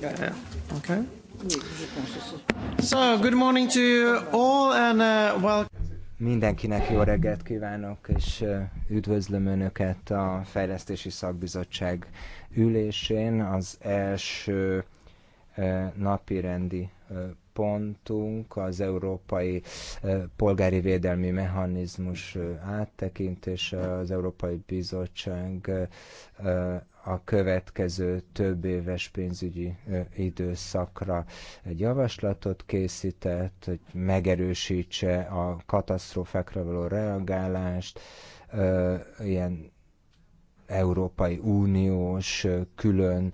Yeah. Okay. So, good morning to you all and uh, welcome. Mindenkinek jó reggelt kívánok, és uh, üdvözlöm Önöket a Fejlesztési Szakbizottság ülésén. Az első uh, napirendi uh, pontunk az Európai Polgári Védelmi Mechanizmus áttekintése, az Európai Bizottság a következő több éves pénzügyi időszakra egy javaslatot készített, hogy megerősítse a katasztrófákra való reagálást, ilyen Európai Uniós külön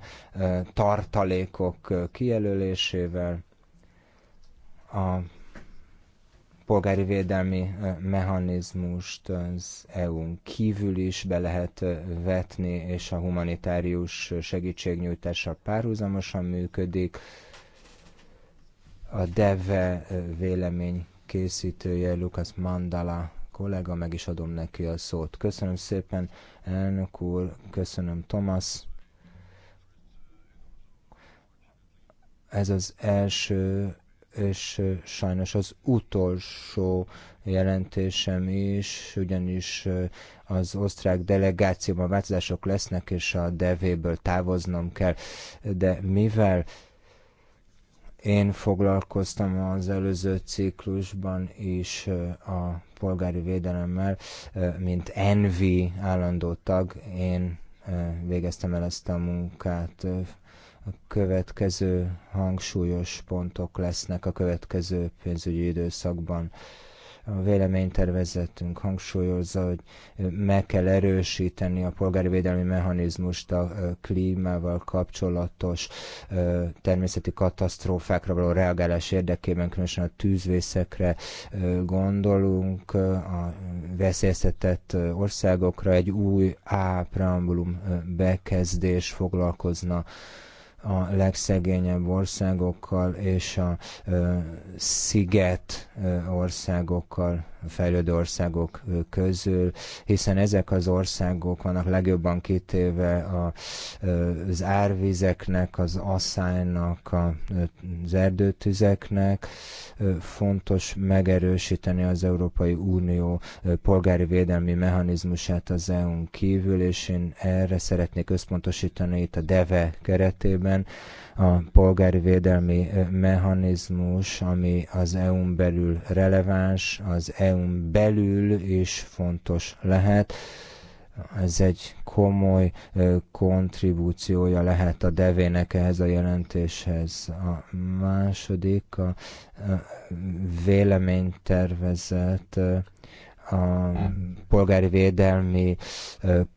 tartalékok kijelölésével. A polgári védelmi mechanizmust az EU-n kívül is be lehet vetni, és a humanitárius segítségnyújtással párhuzamosan működik. A DEVE e, vélemény készítője Lukas Mandala kollega, meg is adom neki a szót. Köszönöm szépen, elnök úr, köszönöm Thomas. Ez az első és sajnos az utolsó jelentésem is, ugyanis az osztrák delegációban változások lesznek, és a devéből távoznom kell. De mivel én foglalkoztam az előző ciklusban is a polgári védelemmel, mint Envi állandó tag, én végeztem el ezt a munkát következő hangsúlyos pontok lesznek a következő pénzügyi időszakban. A véleménytervezetünk hangsúlyozza, hogy meg kell erősíteni a polgári védelmi mechanizmust a klímával kapcsolatos természeti katasztrófákra való reagálás érdekében, különösen a tűzvészekre gondolunk, a veszélyeztetett országokra egy új A preambulum bekezdés foglalkozna a legszegényebb országokkal és a sziget országokkal fejlődő országok közül, hiszen ezek az országok vannak legjobban kitéve az árvizeknek, az asszálynak, az erdőtüzeknek. Fontos megerősíteni az Európai Unió polgári védelmi mechanizmusát az EU-n kívül, és én erre szeretnék összpontosítani itt a DEVE keretében, a polgári védelmi eh, mechanizmus, ami az EU-n belül releváns, az EU-n belül is fontos lehet. Ez egy komoly eh, kontribúciója lehet a devének ehhez a jelentéshez. A második, a véleménytervezet eh, a polgári védelmi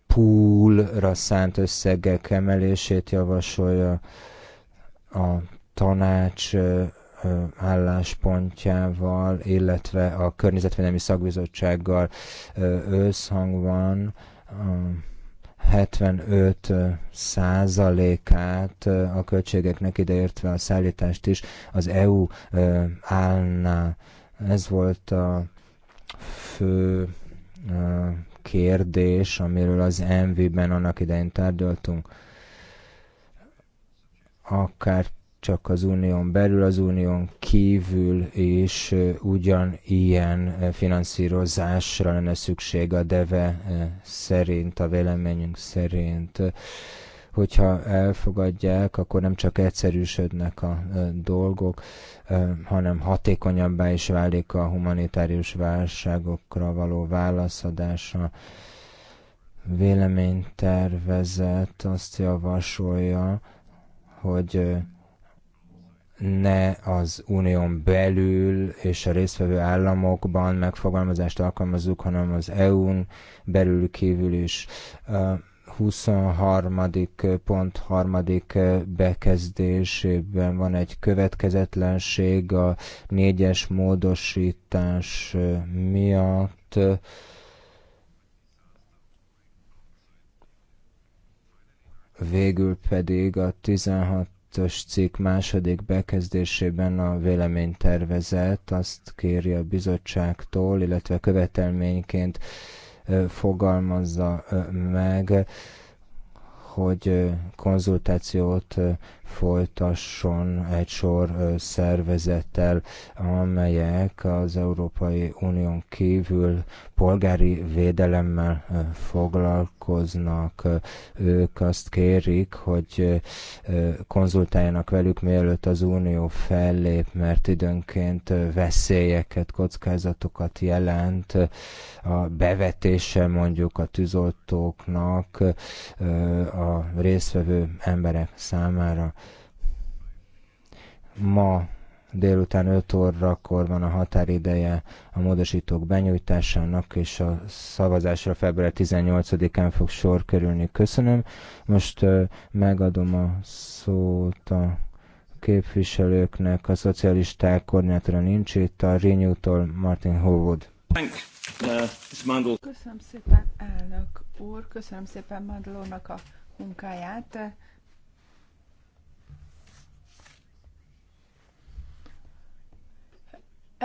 poolra szánt összegek emelését javasolja a tanács álláspontjával, illetve a Környezetvédelmi Szakbizottsággal összhangban 75 százalékát a költségeknek ideértve a szállítást is az EU állná. Ez volt a fő kérdés, amiről az MV-ben annak idején tárgyaltunk akár csak az unión belül, az unión kívül is ugyanilyen finanszírozásra lenne szükség a DEVE szerint, a véleményünk szerint. Hogyha elfogadják, akkor nem csak egyszerűsödnek a dolgok, hanem hatékonyabbá is válik a humanitárius válságokra való válaszadása véleménytervezet azt javasolja, hogy ne az unión belül és a résztvevő államokban megfogalmazást alkalmazzuk, hanem az EU-n belül kívül is. 23. pont harmadik bekezdésében van egy következetlenség a négyes módosítás miatt végül pedig a 16-ös cikk második bekezdésében a véleménytervezet azt kéri a bizottságtól, illetve követelményként fogalmazza meg, hogy konzultációt folytasson egy sor szervezettel, amelyek az Európai Unión kívül polgári védelemmel foglalkoznak. Ők azt kérik, hogy konzultáljanak velük, mielőtt az Unió fellép, mert időnként veszélyeket, kockázatokat jelent a bevetése mondjuk a tűzoltóknak, a résztvevő emberek számára ma délután 5 órakor van a határideje a módosítók benyújtásának, és a szavazásra február 18-án fog sor kerülni. Köszönöm. Most megadom a szót a képviselőknek, a szocialisták koordinátora nincs itt, a Renew-tól Martin Howard. Uh, köszönöm szépen, elnök úr, köszönöm szépen Mandlónak a munkáját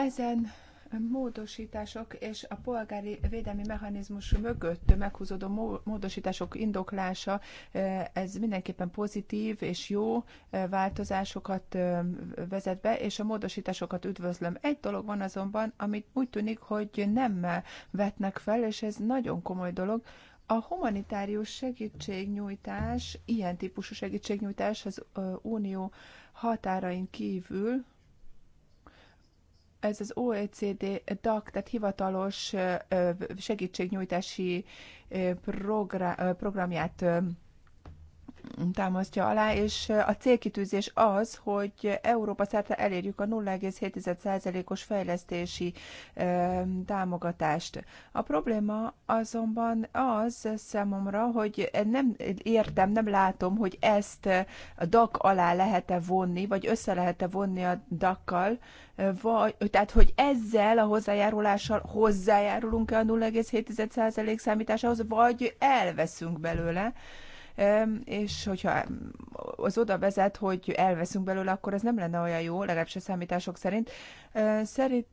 Ezen módosítások és a polgári védelmi mechanizmus mögött meghúzódó módosítások indoklása, ez mindenképpen pozitív és jó változásokat vezet be, és a módosításokat üdvözlöm. Egy dolog van azonban, amit úgy tűnik, hogy nem vetnek fel, és ez nagyon komoly dolog, a humanitárius segítségnyújtás, ilyen típusú segítségnyújtás az Unió határain kívül ez az OECD DAC, tehát hivatalos segítségnyújtási program, programját támasztja alá, és a célkitűzés az, hogy Európa szerte elérjük a 0,7%-os fejlesztési támogatást. A probléma azonban az számomra, hogy nem értem, nem látom, hogy ezt a DAC alá lehet-e vonni, vagy össze lehet-e vonni a DAC-kal, vagy, tehát, hogy ezzel a hozzájárulással hozzájárulunk-e a 0,7% számításához, vagy elveszünk belőle és hogyha az oda vezet, hogy elveszünk belőle, akkor ez nem lenne olyan jó, legalábbis a számítások szerint. Szerint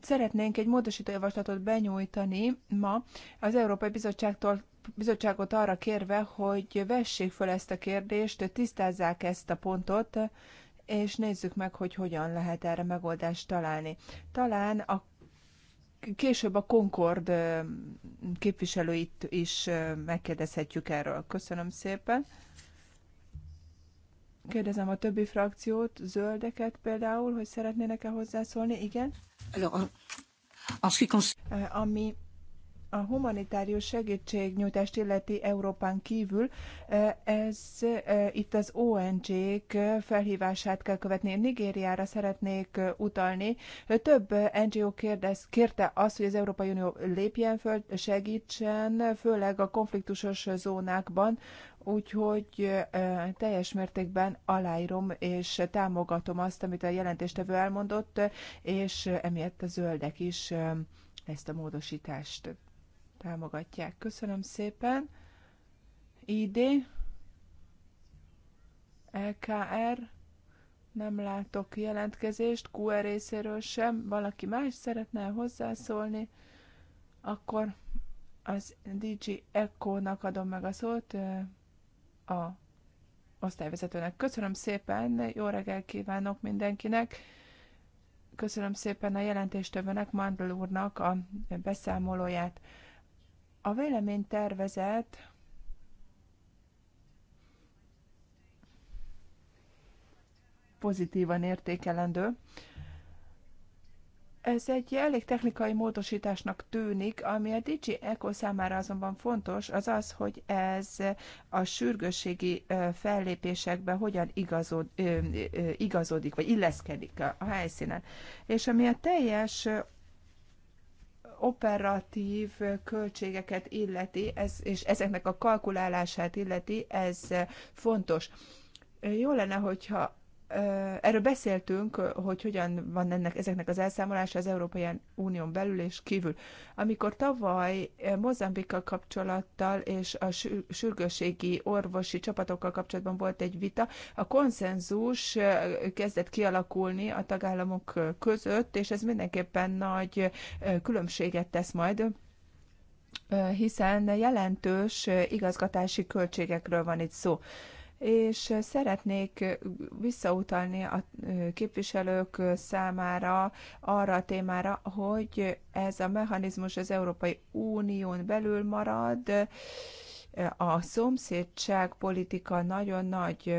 Szeretnénk egy módosító javaslatot benyújtani ma az Európai Bizottságtól bizottságot arra kérve, hogy vessék fel ezt a kérdést, tisztázzák ezt a pontot, és nézzük meg, hogy hogyan lehet erre megoldást találni. Talán a később a Concord képviselőit is megkérdezhetjük erről. Köszönöm szépen. Kérdezem a többi frakciót, zöldeket például, hogy szeretnének-e hozzászólni. Igen? Alors, ami a humanitárius segítségnyújtást illeti Európán kívül, eh, ez eh, itt az ONG-k felhívását kell követni. Nigériára szeretnék eh, utalni. Több NGO kérdez, kérte azt, hogy az Európai Unió lépjen föl, segítsen, főleg a konfliktusos zónákban, úgyhogy teljes mértékben aláírom és támogatom azt, amit a jelentéstevő elmondott, és emiatt a zöldek is ezt a módosítást támogatják. Köszönöm szépen. ID, LKR, nem látok jelentkezést, QR részéről sem. Valaki más szeretne hozzászólni, akkor az DJ Echo-nak adom meg a szót a osztályvezetőnek. Köszönöm szépen, jó reggel kívánok mindenkinek. Köszönöm szépen a jelentéstövőnek, Mandl úrnak a beszámolóját. A véleménytervezet pozitívan értékelendő. Ez egy elég technikai módosításnak tűnik, ami a Digi Echo számára azonban fontos, az az, hogy ez a sürgősségi fellépésekbe hogyan igazod, igazodik, vagy illeszkedik a helyszínen. És ami a teljes operatív költségeket illeti, ez, és ezeknek a kalkulálását illeti, ez fontos. Jó lenne, hogyha erről beszéltünk, hogy hogyan van ennek, ezeknek az elszámolása az Európai Unión belül és kívül. Amikor tavaly Mozambikkal kapcsolattal és a sürgősségi orvosi csapatokkal kapcsolatban volt egy vita, a konszenzus kezdett kialakulni a tagállamok között, és ez mindenképpen nagy különbséget tesz majd hiszen jelentős igazgatási költségekről van itt szó és szeretnék visszautalni a képviselők számára arra a témára, hogy ez a mechanizmus az Európai Unión belül marad, a szomszédság politika nagyon nagy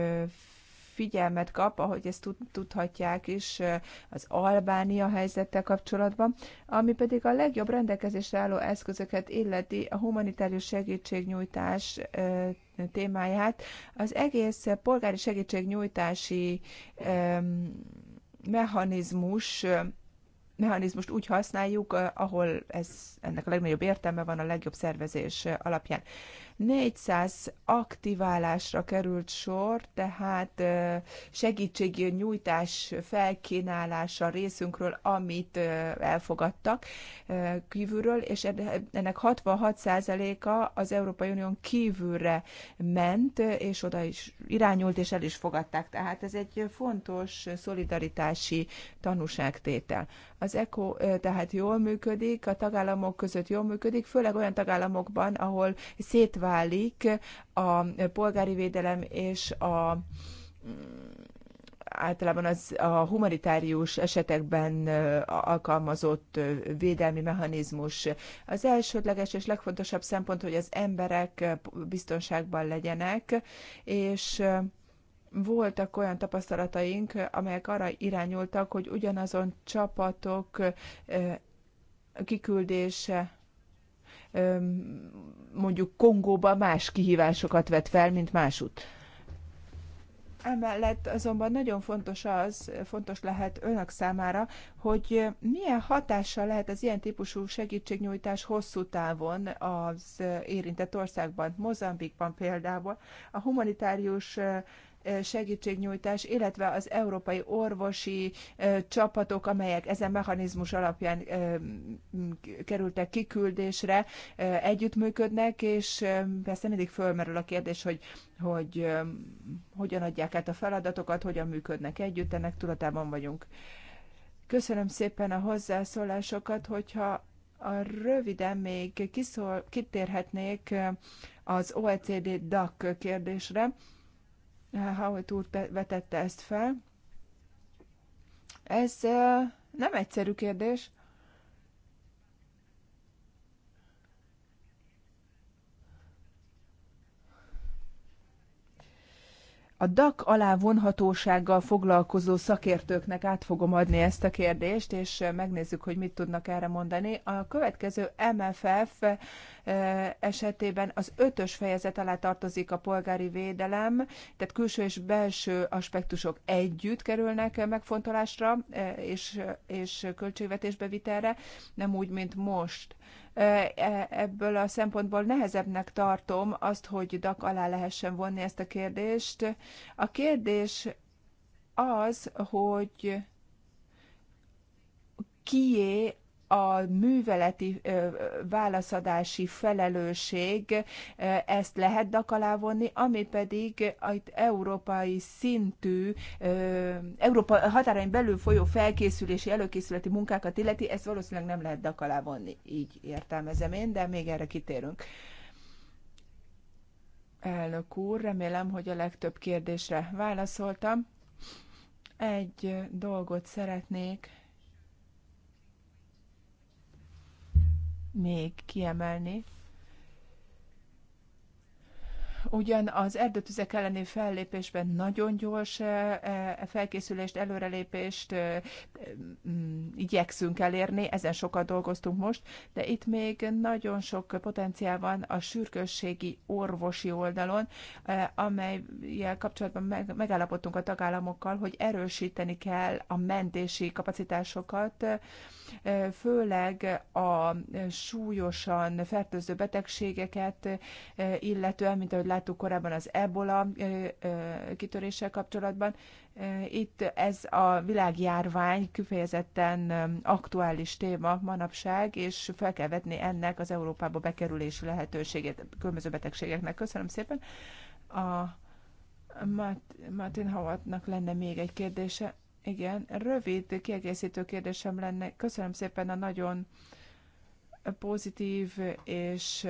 figyelmet kap, ahogy ezt tudhatják is az Albánia helyzettel kapcsolatban, ami pedig a legjobb rendelkezésre álló eszközöket illeti a humanitárius segítségnyújtás témáját. Az egész polgári segítségnyújtási mechanizmus mechanizmust úgy használjuk, eh, ahol ez, ennek a legnagyobb értelme van a legjobb szervezés eh, alapján. 400 aktiválásra került sor, tehát nyújtás felkínálása részünkről, amit elfogadtak kívülről, és ennek 66%-a az Európai Unión kívülre ment, és oda is irányult, és el is fogadták. Tehát ez egy fontos szolidaritási tanúságtétel. Az ECO tehát jól működik, a tagállamok között jól működik, főleg olyan tagállamokban, ahol szétválik a polgári védelem és a mm, általában az a humanitárius esetekben alkalmazott védelmi mechanizmus. Az elsődleges és legfontosabb szempont, hogy az emberek biztonságban legyenek, és voltak olyan tapasztalataink, amelyek arra irányultak, hogy ugyanazon csapatok kiküldése mondjuk Kongóba más kihívásokat vet fel, mint másút. Emellett azonban nagyon fontos az, fontos lehet önök számára, hogy milyen hatással lehet az ilyen típusú segítségnyújtás hosszú távon az érintett országban, Mozambikban például. A humanitárius segítségnyújtás, illetve az európai orvosi csapatok, amelyek ezen mechanizmus alapján kerültek kiküldésre, együttműködnek, és persze mindig fölmerül a kérdés, hogy, hogy hogyan adják át a feladatokat, hogyan működnek együtt, ennek tudatában vagyunk. Köszönöm szépen a hozzászólásokat, hogyha a röviden még kiszól, kitérhetnék az OECD DAC kérdésre. Howitt úr vetette ezt fel. Ez nem egyszerű kérdés. A DAC alá vonhatósággal foglalkozó szakértőknek át fogom adni ezt a kérdést, és megnézzük, hogy mit tudnak erre mondani. A következő MFF eh, esetében az ötös fejezet alá tartozik a polgári védelem, tehát külső és belső aspektusok együtt kerülnek megfontolásra eh, és, és költségvetésbe vitelre, nem úgy, mint most. E, ebből a szempontból nehezebbnek tartom azt, hogy DAK alá lehessen vonni ezt a kérdést. A kérdés az, hogy kié a műveleti válaszadási felelősség ezt lehet dakalávonni, ami pedig egy európai szintű, Európa határain belül folyó felkészülési, előkészületi munkákat illeti, ezt valószínűleg nem lehet dakalávonni, így értelmezem én, de még erre kitérünk. Elnök úr, remélem, hogy a legtöbb kérdésre válaszoltam. Egy dolgot szeretnék még kiemelni. Ugyan az erdőtüzek elleni fellépésben nagyon gyors e, e, felkészülést, előrelépést e, igyekszünk elérni, ezen sokat dolgoztunk most, de itt még nagyon sok potenciál van a sürgősségi orvosi oldalon, amelyel kapcsolatban megállapodtunk a tagállamokkal, hogy erősíteni kell a mentési kapacitásokat, főleg a súlyosan fertőző betegségeket illetően, mint ahogy láttuk korábban az ebola kitöréssel kapcsolatban. Itt ez a világjárvány kifejezetten aktuális téma manapság, és fel kell vetni ennek az Európába bekerülési lehetőségét különböző betegségeknek. Köszönöm szépen. A Martin Howardnak lenne még egy kérdése. Igen, rövid kiegészítő kérdésem lenne. Köszönöm szépen a nagyon pozitív és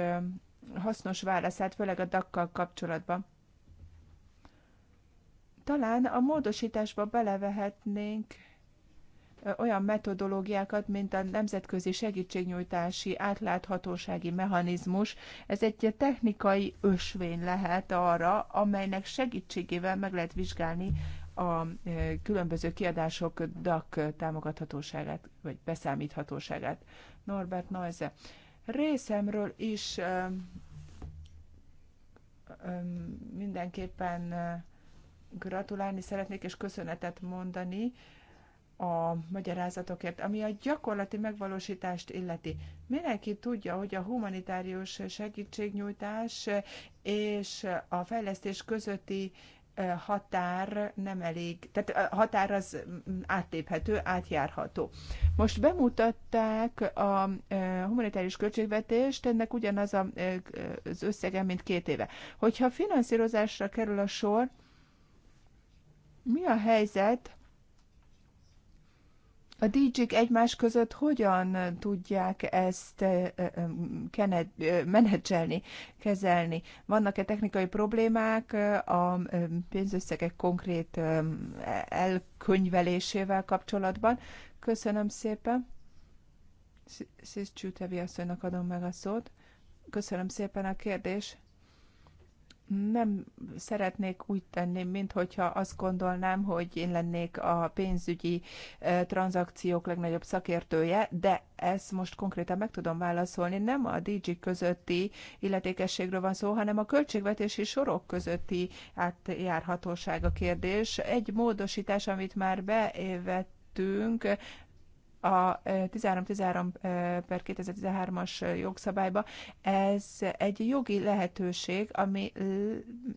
hasznos válaszát, főleg a dakkal kapcsolatban. Talán a módosításba belevehetnénk olyan metodológiákat, mint a nemzetközi segítségnyújtási átláthatósági mechanizmus. Ez egy technikai ösvény lehet arra, amelynek segítségével meg lehet vizsgálni a e, különböző kiadások DAC támogathatóságát, vagy beszámíthatóságát. Norbert Neuze. Részemről is e, e, mindenképpen gratulálni szeretnék, és köszönetet mondani a magyarázatokért, ami a gyakorlati megvalósítást illeti. Mindenki tudja, hogy a humanitárius segítségnyújtás és a fejlesztés közötti határ nem elég, tehát a határ az áttéphető, átjárható. Most bemutatták a humanitárius költségvetést, ennek ugyanaz a, az összege, mint két éve. Hogyha finanszírozásra kerül a sor, mi a helyzet a DJ-k egymás között hogyan tudják ezt menedzselni, kezelni? Vannak-e technikai problémák a pénzösszegek konkrét elkönyvelésével kapcsolatban? Köszönöm szépen. Szisz Csütevi asszonynak adom meg a szót. Köszönöm szépen a kérdést nem szeretnék úgy tenni, mint hogyha azt gondolnám, hogy én lennék a pénzügyi tranzakciók legnagyobb szakértője, de ezt most konkrétan meg tudom válaszolni. Nem a DG közötti illetékességről van szó, hanem a költségvetési sorok közötti átjárhatóság a kérdés. Egy módosítás, amit már bevettünk, a 1313 -13 per 2013-as jogszabályba, ez egy jogi lehetőség, ami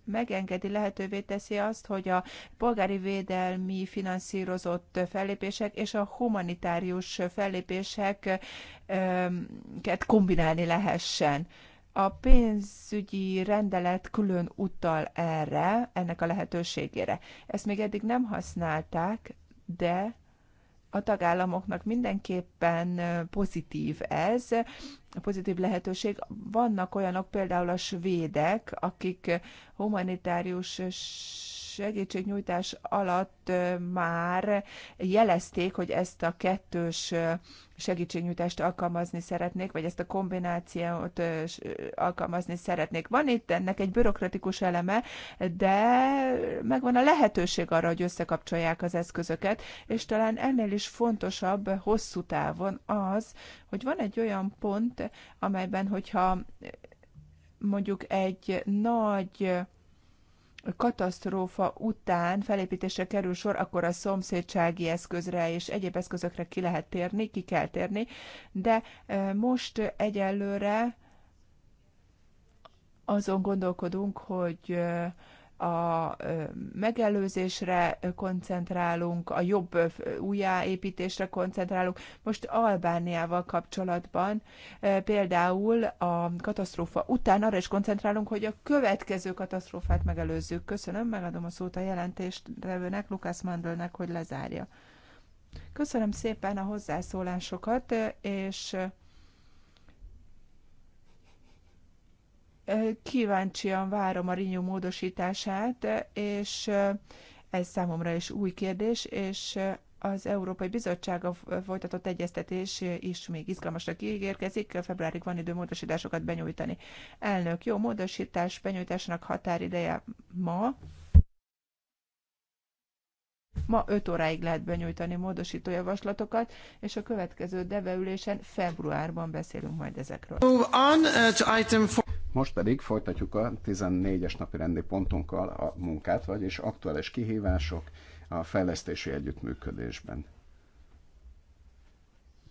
megengedi, lehetővé teszi azt, hogy a polgári védelmi finanszírozott fellépések és a humanitárius fellépéseket kombinálni lehessen. A pénzügyi rendelet külön utal erre, ennek a lehetőségére. Ezt még eddig nem használták, de a tagállamoknak mindenképpen pozitív ez, pozitív lehetőség. Vannak olyanok, például a svédek, akik humanitárius segítségnyújtás alatt már jelezték, hogy ezt a kettős segítségnyújtást alkalmazni szeretnék, vagy ezt a kombinációt alkalmazni szeretnék. Van itt ennek egy bürokratikus eleme, de megvan a lehetőség arra, hogy összekapcsolják az eszközöket, és talán ennél is fontosabb hosszú távon az, hogy van egy olyan pont, amelyben, hogyha mondjuk egy nagy katasztrófa után felépítésre kerül sor, akkor a szomszédsági eszközre és egyéb eszközökre ki lehet térni, ki kell térni, de most egyelőre azon gondolkodunk, hogy a megelőzésre koncentrálunk, a jobb újjáépítésre koncentrálunk. Most Albániával kapcsolatban például a katasztrófa után arra is koncentrálunk, hogy a következő katasztrófát megelőzzük. Köszönöm, megadom a szót a jelentéstevőnek, Lukász Mandelnek, hogy lezárja. Köszönöm szépen a hozzászólásokat, és kíváncsian várom a rinyú módosítását, és ez számomra is új kérdés, és az Európai Bizottsága folytatott egyeztetés is még izgalmasra ígérkezik, februárig van idő módosításokat benyújtani. Elnök, jó, módosítás benyújtásnak határideje ma, Ma 5 óráig lehet benyújtani módosító javaslatokat, és a következő deveülésen februárban beszélünk majd ezekről. Uh, Most pedig folytatjuk a 14-es napi rendi pontunkkal a munkát, vagyis aktuális kihívások a fejlesztési együttműködésben.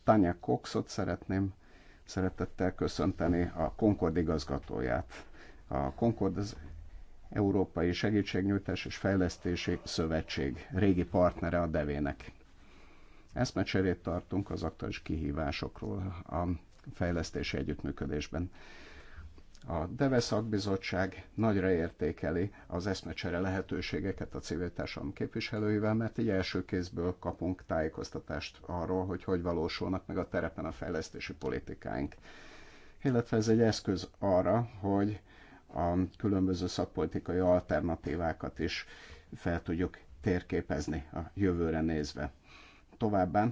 Tanya Coxot szeretném szeretettel köszönteni a Concord igazgatóját. A Concord az Európai Segítségnyújtás és Fejlesztési Szövetség régi partnere a devének. Eszmecserét tartunk az aktuális kihívásokról a fejlesztési együttműködésben. A DEVE szakbizottság nagyra értékeli az eszmecsere lehetőségeket a civil társadalom képviselőivel, mert így első kézből kapunk tájékoztatást arról, hogy hogy valósulnak meg a terepen a fejlesztési politikáink. Illetve ez egy eszköz arra, hogy a különböző szakpolitikai alternatívákat is fel tudjuk térképezni a jövőre nézve. Továbbá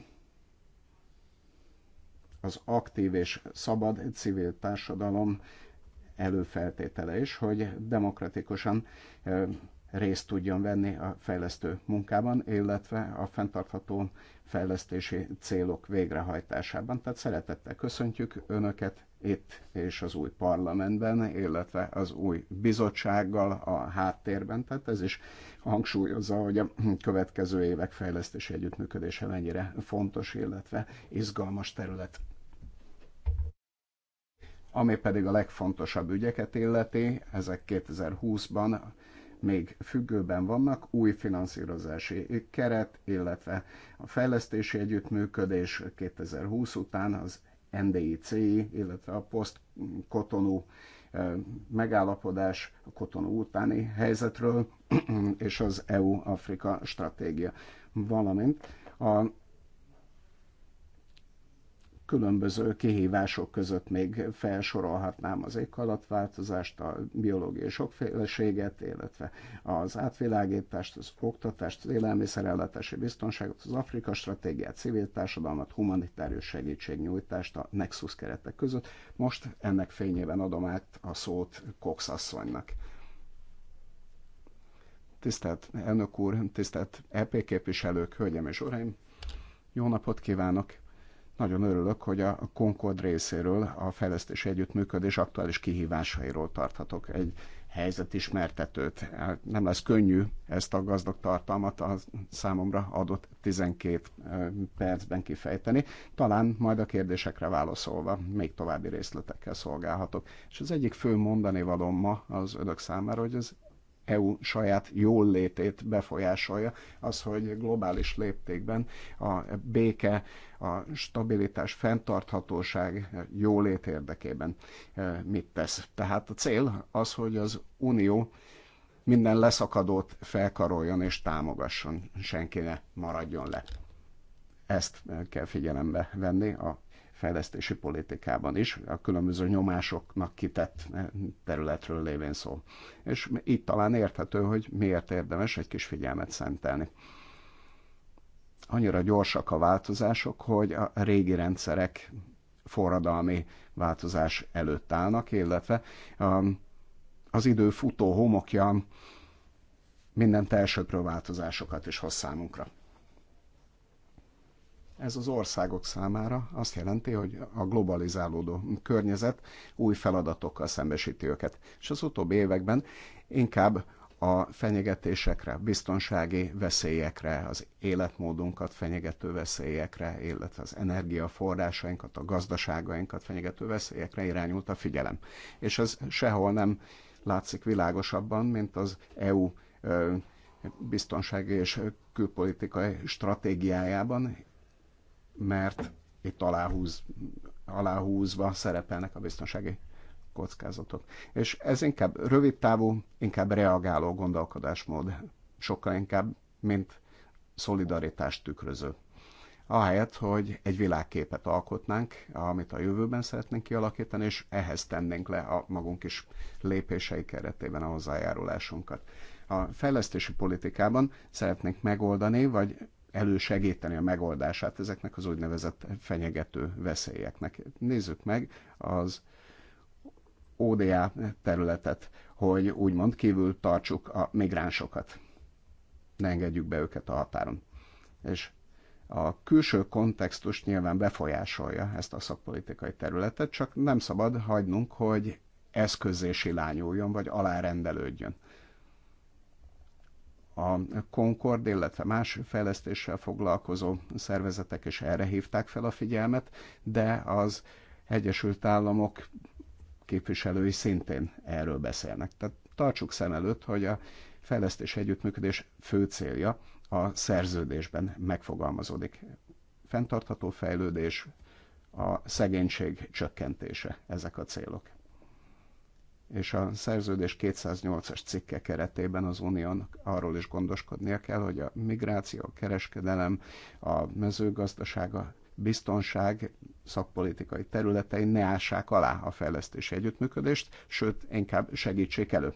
az aktív és szabad civil társadalom előfeltétele is, hogy demokratikusan részt tudjon venni a fejlesztő munkában, illetve a fenntartható fejlesztési célok végrehajtásában. Tehát szeretettel köszöntjük Önöket, itt és az új parlamentben, illetve az új bizottsággal a háttérben. Tehát ez is hangsúlyozza, hogy a következő évek fejlesztési együttműködése mennyire fontos, illetve izgalmas terület. Ami pedig a legfontosabb ügyeket illeti, ezek 2020-ban még függőben vannak, új finanszírozási keret, illetve a fejlesztési együttműködés 2020 után az NDIC, illetve a posztkotonú eh, megállapodás a kotonú utáni helyzetről és az EU-Afrika stratégia, valamint a különböző kihívások között még felsorolhatnám az éghajlatváltozást, a biológiai sokféleséget, illetve az átvilágítást, az oktatást, az élelmiszerellátási biztonságot, az Afrika stratégiát, civil társadalmat, humanitárius segítségnyújtást a Nexus keretek között. Most ennek fényében adom át a szót Cox asszonynak. Tisztelt elnök úr, tisztelt EP képviselők, hölgyem és uraim, jó napot kívánok! Nagyon örülök, hogy a Concord részéről a fejlesztési együttműködés aktuális kihívásairól tarthatok egy helyzetismertetőt. Hát nem lesz könnyű ezt a gazdag tartalmat a számomra adott 12 percben kifejteni. Talán majd a kérdésekre válaszolva még további részletekkel szolgálhatok. És az egyik fő mondani valom ma az önök számára, hogy az EU saját jól létét befolyásolja, az, hogy globális léptékben a béke, a stabilitás, fenntarthatóság jólét érdekében e, mit tesz. Tehát a cél az, hogy az Unió minden leszakadót felkaroljon és támogasson, senki ne maradjon le. Ezt kell figyelembe venni a fejlesztési politikában is, a különböző nyomásoknak kitett eh, területről lévén szó. És itt talán érthető, hogy miért érdemes egy kis figyelmet szentelni. Annyira gyorsak a változások, hogy a régi rendszerek forradalmi változás előtt állnak, illetve um, az idő futó homokja mindent elsőprő változásokat is hoz számunkra. Ez az országok számára azt jelenti, hogy a globalizálódó környezet új feladatokkal szembesíti őket. És az utóbbi években inkább a fenyegetésekre, biztonsági veszélyekre, az életmódunkat fenyegető veszélyekre, illetve az energiaforrásainkat, a gazdaságainkat fenyegető veszélyekre irányult a figyelem. És ez sehol nem látszik világosabban, mint az EU biztonsági és külpolitikai stratégiájában, mert itt aláhúz, aláhúzva szerepelnek a biztonsági kockázatok. És ez inkább rövid távú, inkább reagáló gondolkodásmód, sokkal inkább, mint szolidaritást tükröző. Ahelyett, hogy egy világképet alkotnánk, amit a jövőben szeretnénk kialakítani, és ehhez tennénk le a magunk is lépései keretében a hozzájárulásunkat. A fejlesztési politikában szeretnénk megoldani, vagy elősegíteni a megoldását ezeknek az úgynevezett fenyegető veszélyeknek. Nézzük meg az ODA területet, hogy úgymond kívül tartsuk a migránsokat. Ne engedjük be őket a határon. És a külső kontextus nyilván befolyásolja ezt a szakpolitikai területet, csak nem szabad hagynunk, hogy eszközési lányuljon, vagy alárendelődjön a Concord, illetve más fejlesztéssel foglalkozó szervezetek is erre hívták fel a figyelmet, de az Egyesült Államok képviselői szintén erről beszélnek. Tehát tartsuk szem előtt, hogy a fejlesztés együttműködés fő célja a szerződésben megfogalmazódik. Fentartható fejlődés, a szegénység csökkentése, ezek a célok és a szerződés 208-as cikke keretében az uniónak arról is gondoskodnia kell, hogy a migráció, a kereskedelem, a mezőgazdaság, a biztonság szakpolitikai területei ne ássák alá a fejlesztési együttműködést, sőt, inkább segítsék elő.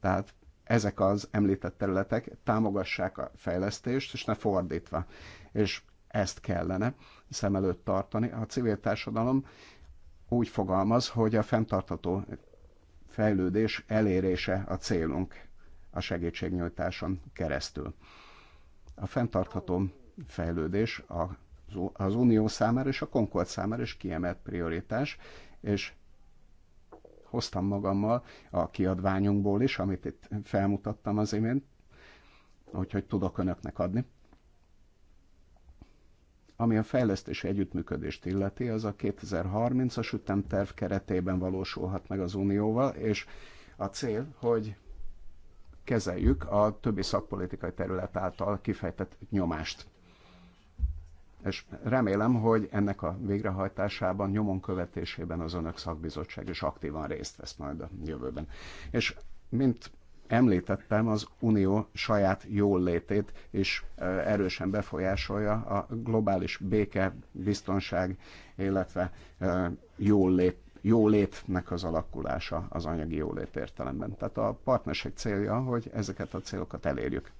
Tehát ezek az említett területek támogassák a fejlesztést, és ne fordítva. És ezt kellene szem előtt tartani. A civil társadalom úgy fogalmaz, hogy a fenntartható fejlődés elérése a célunk a segítségnyújtáson keresztül. A fenntartható fejlődés az Unió számára és a Concord számára is kiemelt prioritás, és hoztam magammal a kiadványunkból is, amit itt felmutattam az imént, úgyhogy tudok önöknek adni. Ami a fejlesztési együttműködést illeti, az a 2030-as ütemterv keretében valósulhat meg az Unióval, és a cél, hogy kezeljük a többi szakpolitikai terület által kifejtett nyomást. És remélem, hogy ennek a végrehajtásában, nyomon követésében az önök szakbizottság is aktívan részt vesz majd a jövőben. És mint Említettem az unió saját jólétét és erősen befolyásolja a globális béke, biztonság, illetve jólét jólétnek az alakulása az anyagi jólét értelemben. Tehát a partnerség célja, hogy ezeket a célokat elérjük.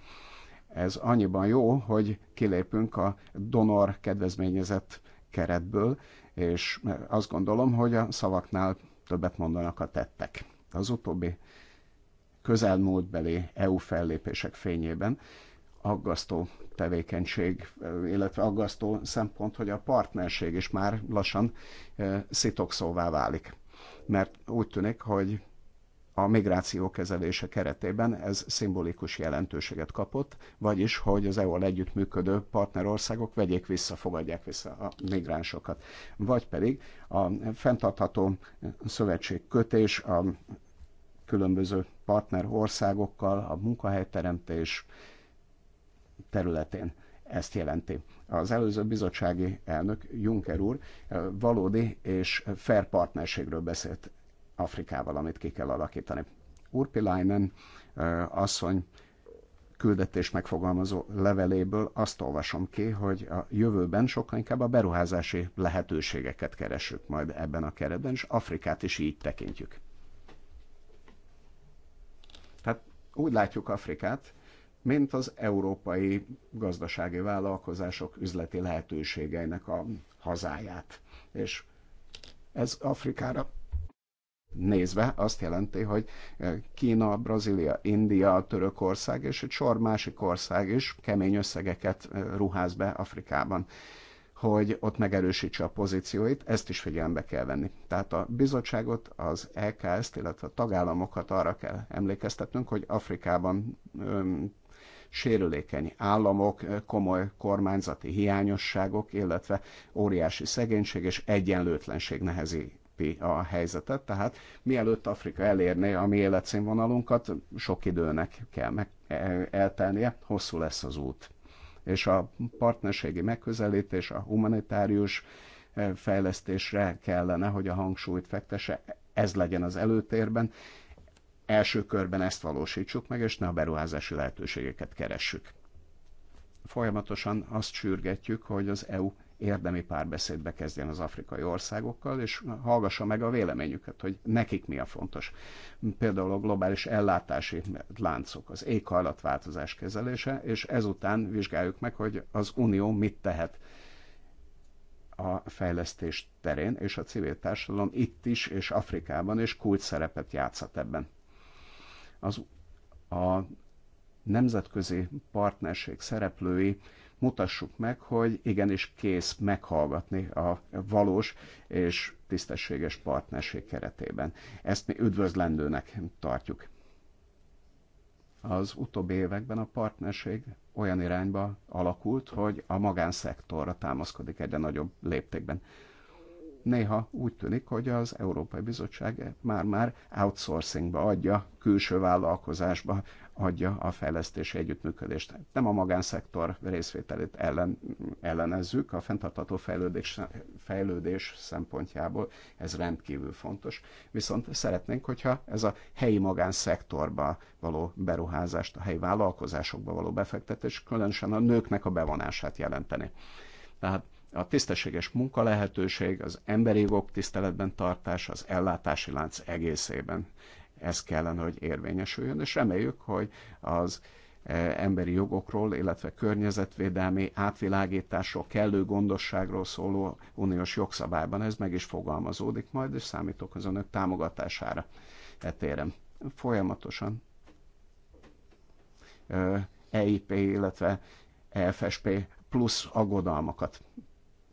Ez annyiban jó, hogy kilépünk a donor kedvezményezett keretből, és azt gondolom, hogy a szavaknál többet mondanak a tettek. Az utóbbi közelmúltbeli EU fellépések fényében aggasztó tevékenység, illetve aggasztó szempont, hogy a partnerség is már lassan szitokszóvá válik. Mert úgy tűnik, hogy a migráció kezelése keretében ez szimbolikus jelentőséget kapott, vagyis, hogy az EU-val együttműködő partnerországok vegyék vissza, fogadják vissza a migránsokat. Vagy pedig a fenntartható szövetség kötés, a különböző partner országokkal a munkahelyteremtés területén. Ezt jelenti. Az előző bizottsági elnök Juncker úr valódi és fair partnerségről beszélt Afrikával, amit ki kell alakítani. Urpilainen asszony küldetés megfogalmazó leveléből azt olvasom ki, hogy a jövőben sokkal inkább a beruházási lehetőségeket keresünk majd ebben a keretben, és Afrikát is így tekintjük. Úgy látjuk Afrikát, mint az európai gazdasági vállalkozások üzleti lehetőségeinek a hazáját. És ez Afrikára nézve azt jelenti, hogy Kína, Brazília, India, Törökország és egy sor másik ország is kemény összegeket ruház be Afrikában hogy ott megerősítse a pozícióit, ezt is figyelembe kell venni. Tehát a bizottságot, az EKS-t, illetve a tagállamokat arra kell emlékeztetnünk, hogy Afrikában öm, sérülékeny államok, komoly kormányzati hiányosságok, illetve óriási szegénység és egyenlőtlenség nehezi a helyzetet, tehát mielőtt Afrika elérné a mi életszínvonalunkat, sok időnek kell meg, e, eltelnie, hosszú lesz az út és a partnerségi megközelítés, a humanitárius eh, fejlesztésre kellene, hogy a hangsúlyt fektesse, ez legyen az előtérben. Első körben ezt valósítsuk meg, és ne a beruházási lehetőségeket keressük. Folyamatosan azt sürgetjük, hogy az EU érdemi párbeszédbe kezdjen az afrikai országokkal, és hallgassa meg a véleményüket, hogy nekik mi a fontos. Például a globális ellátási láncok, az éghajlatváltozás kezelése, és ezután vizsgáljuk meg, hogy az Unió mit tehet a fejlesztés terén, és a civil társadalom itt is, és Afrikában is kult szerepet játszhat ebben. Az, a nemzetközi partnerség szereplői mutassuk meg, hogy igenis kész meghallgatni a valós és tisztességes partnerség keretében. Ezt mi üdvözlendőnek tartjuk. Az utóbbi években a partnerség olyan irányba alakult, hogy a magánszektorra támaszkodik egyre nagyobb léptékben. Néha úgy tűnik, hogy az Európai Bizottság már-már outsourcingba adja, külső vállalkozásba adja a fejlesztési együttműködést. Nem a magánszektor részvételét ellen, ellenezzük, a fenntartható fejlődés, fejlődés szempontjából ez rendkívül fontos. Viszont szeretnénk, hogyha ez a helyi magánszektorba való beruházást, a helyi vállalkozásokba való befektetés, különösen a nőknek a bevonását jelenteni. Tehát a tisztességes munka lehetőség, az emberi jogok tiszteletben tartása, az ellátási lánc egészében. Ez kellene, hogy érvényesüljön, és reméljük, hogy az e, emberi jogokról, illetve környezetvédelmi átvilágításról, kellő gondosságról szóló uniós jogszabályban ez meg is fogalmazódik majd, és számítok az önök támogatására e téren Folyamatosan EIP, e illetve EFSP plusz aggodalmakat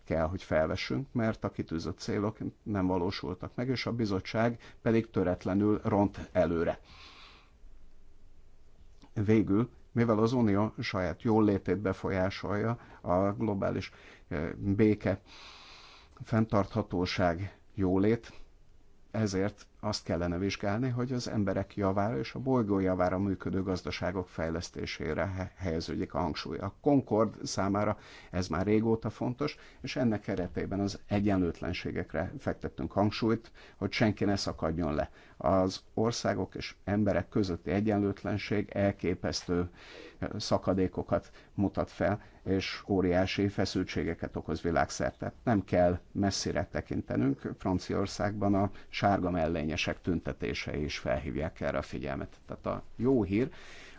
kell, hogy felvessünk, mert a kitűzött célok nem valósultak meg, és a bizottság pedig töretlenül ront előre. Végül, mivel az Unió saját jólétét befolyásolja, a globális eh, béke, fenntarthatóság, jólét ezért azt kellene vizsgálni, hogy az emberek javára és a bolygó javára működő gazdaságok fejlesztésére helyeződik a hangsúly. A Concord számára ez már régóta fontos, és ennek keretében az egyenlőtlenségekre fektettünk hangsúlyt, hogy senki ne szakadjon le. Az országok és emberek közötti egyenlőtlenség elképesztő szakadékokat mutat fel, és óriási feszültségeket okoz világszerte. Nem kell messzire tekintenünk, Franciaországban a sárga mellényesek tüntetései is felhívják erre a figyelmet. Tehát a jó hír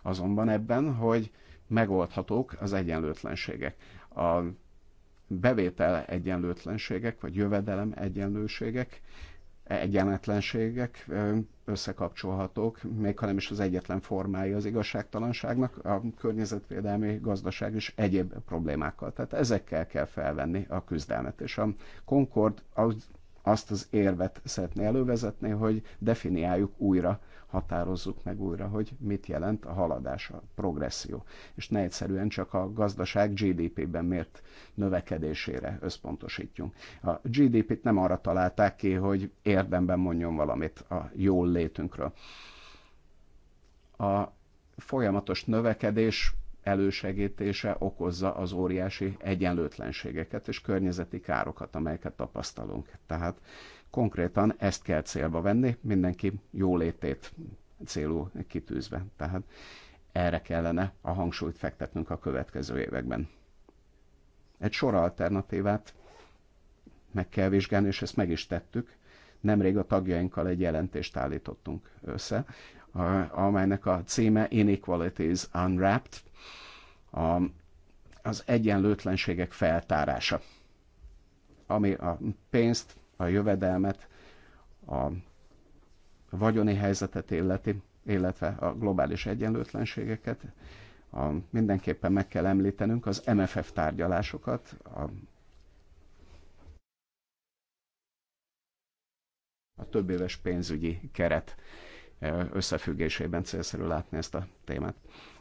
azonban ebben, hogy megoldhatók az egyenlőtlenségek. A bevétel egyenlőtlenségek, vagy jövedelem egyenlőségek egyenetlenségek összekapcsolhatók, még ha nem is az egyetlen formája az igazságtalanságnak, a környezetvédelmi, gazdaság és egyéb problémákkal. Tehát ezekkel kell felvenni a küzdelmet. És a Concord az azt az érvet szeretné elővezetni, hogy definiáljuk újra, határozzuk meg újra, hogy mit jelent a haladás, a progresszió. És ne egyszerűen csak a gazdaság GDP-ben mért növekedésére összpontosítjunk. A GDP-t nem arra találták ki, hogy érdemben mondjon valamit a jól létünkről. A folyamatos növekedés elősegítése okozza az óriási egyenlőtlenségeket és környezeti károkat, amelyeket tapasztalunk. Tehát konkrétan ezt kell célba venni, mindenki jólétét célú kitűzve. Tehát erre kellene a hangsúlyt fektetnünk a következő években. Egy sor alternatívát meg kell vizsgálni, és ezt meg is tettük. Nemrég a tagjainkkal egy jelentést állítottunk össze, amelynek a címe Inequalities Unwrapped, a, az egyenlőtlenségek feltárása, ami a pénzt, a jövedelmet, a vagyoni helyzetet illeti, illetve a globális egyenlőtlenségeket. A, mindenképpen meg kell említenünk az MFF tárgyalásokat, a, a több éves pénzügyi keret összefüggésében célszerű látni ezt a témát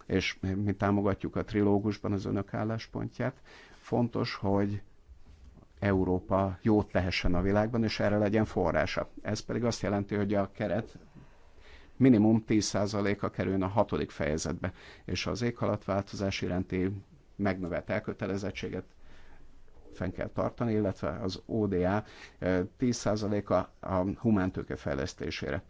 és mi támogatjuk a trilógusban az önök álláspontját. Fontos, hogy Európa jót tehessen a világban, és erre legyen forrása. Ez pedig azt jelenti, hogy a keret minimum 10%-a kerül a hatodik fejezetbe, és az éghalatváltozás iránti megnövelt elkötelezettséget fenn kell tartani, illetve az ODA 10%-a a eh, humántőke fejlesztésére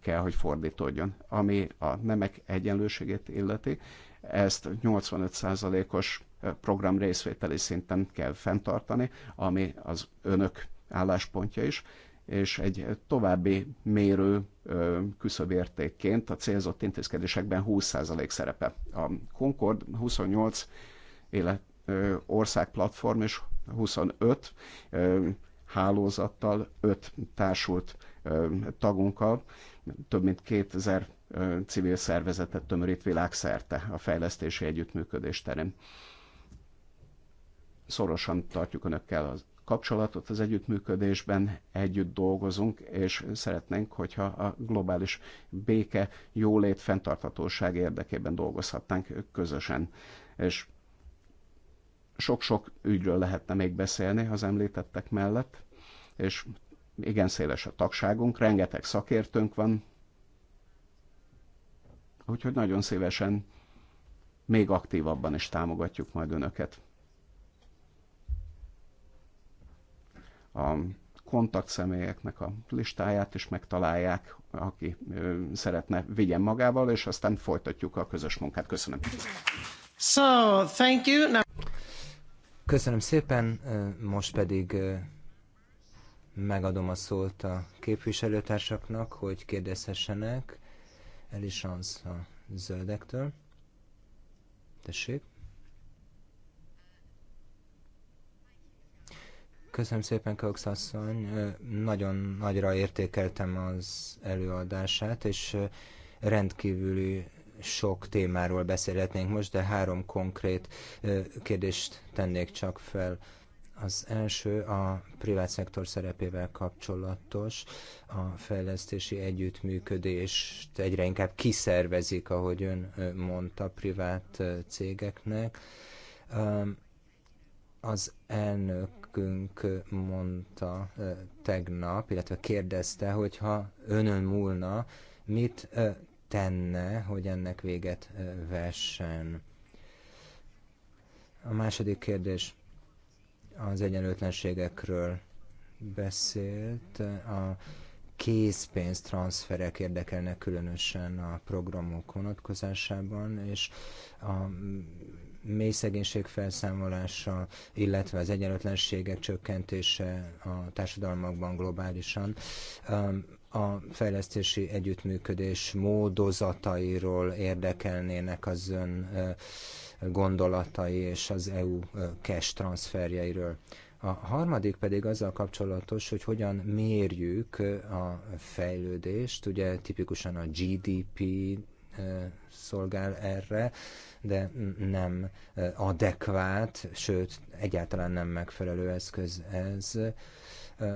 kell, hogy fordítódjon. Ami a nemek egyenlőségét illeti, ezt 85%-os program részvételi szinten kell fenntartani, ami az önök álláspontja is, és egy további mérő küszöbértékként a célzott intézkedésekben 20% szerepe. A Concord 28 élet, ország platform és 25 hálózattal 5 társult tagunkkal, több mint 2000 civil szervezetet tömörít világszerte a fejlesztési együttműködés terén. Szorosan tartjuk önökkel az kapcsolatot az együttműködésben, együtt dolgozunk, és szeretnénk, hogyha a globális béke, jólét, fenntarthatóság érdekében dolgozhatnánk közösen. És sok-sok ügyről lehetne még beszélni az említettek mellett, és igen széles a tagságunk, rengeteg szakértőnk van, úgyhogy nagyon szívesen még aktívabban is támogatjuk majd önöket. A kontakt személyeknek a listáját is megtalálják, aki szeretne vigyen magával, és aztán folytatjuk a közös munkát. Köszönöm. So, thank you. Now... Köszönöm szépen, most pedig Megadom a szót a képviselőtársaknak, hogy kérdezhessenek. Elisans a zöldektől. Tessék. Köszönöm szépen, Cox asszony. Nagyon nagyra értékeltem az előadását, és rendkívüli sok témáról beszélhetnénk most, de három konkrét kérdést tennék csak fel. Az első a privát szektor szerepével kapcsolatos. A fejlesztési együttműködést egyre inkább kiszervezik, ahogy ön mondta, privát cégeknek. Az elnökünk mondta tegnap, illetve kérdezte, hogy ha önön múlna, mit tenne, hogy ennek véget vessen. A második kérdés az egyenlőtlenségekről beszélt. A készpénztranszferek érdekelnek különösen a programok vonatkozásában, és a mély szegénység felszámolása, illetve az egyenlőtlenségek csökkentése a társadalmakban globálisan a fejlesztési együttműködés módozatairól érdekelnének az ön gondolatai és az EU e, cash transferjeiről. A harmadik pedig azzal kapcsolatos, hogy hogyan mérjük e, a fejlődést, ugye tipikusan a GDP e, szolgál erre, de nem adekvát, sőt, egyáltalán nem megfelelő eszköz ez.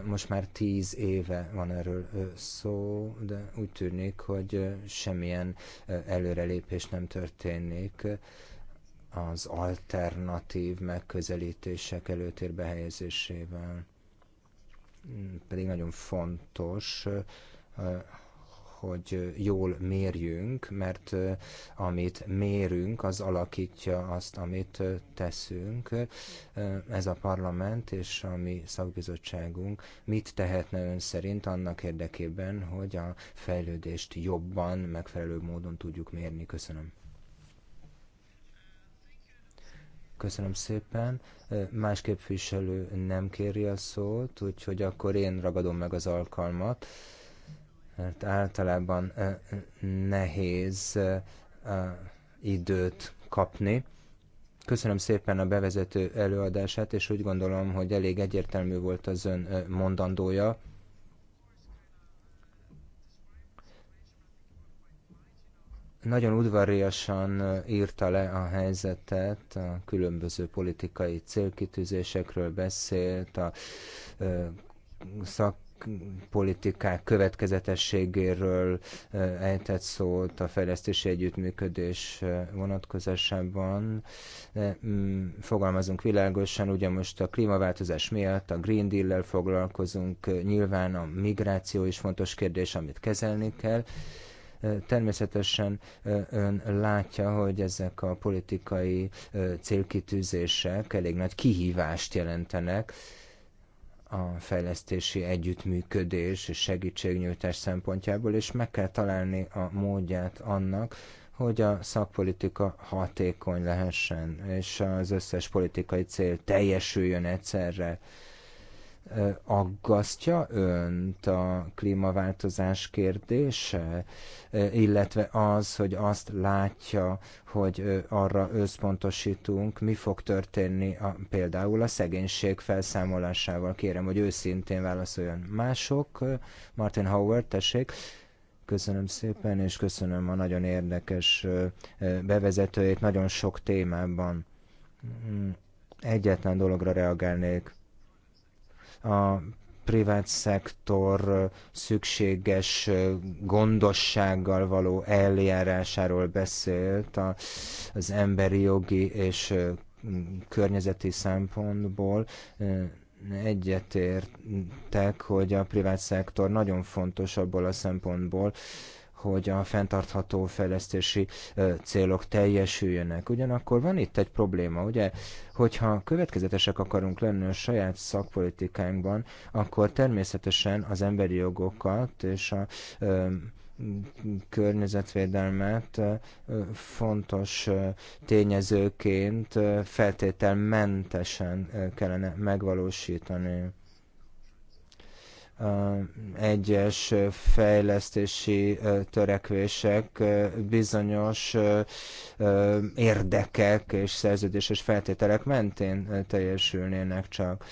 Most már tíz éve van erről szó, de úgy tűnik, hogy semmilyen előrelépés nem történik az alternatív megközelítések előtérbe helyezésével. Mm, pedig nagyon fontos, hogy jól mérjünk, mert amit mérünk, az alakítja azt, amit teszünk. Ez a parlament és a mi szakbizottságunk mit tehetne ön szerint annak érdekében, hogy a fejlődést jobban, megfelelő módon tudjuk mérni? Köszönöm. Köszönöm szépen. Más képviselő nem kéri a szót, úgyhogy akkor én ragadom meg az alkalmat, mert általában nehéz időt kapni. Köszönöm szépen a bevezető előadását, és úgy gondolom, hogy elég egyértelmű volt az ön mondandója. nagyon udvariasan írta le a helyzetet, a különböző politikai célkitűzésekről beszélt, a szakpolitikák következetességéről ejtett szót a fejlesztési együttműködés vonatkozásában. Mm, fogalmazunk világosan, ugye most a klímaváltozás miatt a Green Deal-lel foglalkozunk, nyilván a migráció is fontos kérdés, amit kezelni kell, Természetesen ön látja, hogy ezek a politikai célkitűzések elég nagy kihívást jelentenek a fejlesztési együttműködés és segítségnyújtás szempontjából, és meg kell találni a módját annak, hogy a szakpolitika hatékony lehessen, és az összes politikai cél teljesüljön egyszerre aggasztja önt a klímaváltozás kérdése, illetve az, hogy azt látja, hogy arra összpontosítunk, mi fog történni a, például a szegénység felszámolásával. Kérem, hogy őszintén válaszoljon. Mások, Martin Howard, tessék, köszönöm szépen, és köszönöm a nagyon érdekes bevezetőjét nagyon sok témában. Mm, egyetlen dologra reagálnék a privát szektor szükséges gondossággal való eljárásáról beszélt az emberi jogi és környezeti szempontból egyetértek, hogy a privát szektor nagyon fontos abból a szempontból, hogy a fenntartható fejlesztési célok teljesüljenek. Ugyanakkor van itt egy probléma, ugye, hogyha következetesek akarunk lenni a saját szakpolitikánkban, akkor természetesen az emberi jogokat és a környezetvédelmet fontos tényezőként feltételmentesen kellene megvalósítani egyes fejlesztési törekvések bizonyos érdekek és szerződéses feltételek mentén teljesülnének csak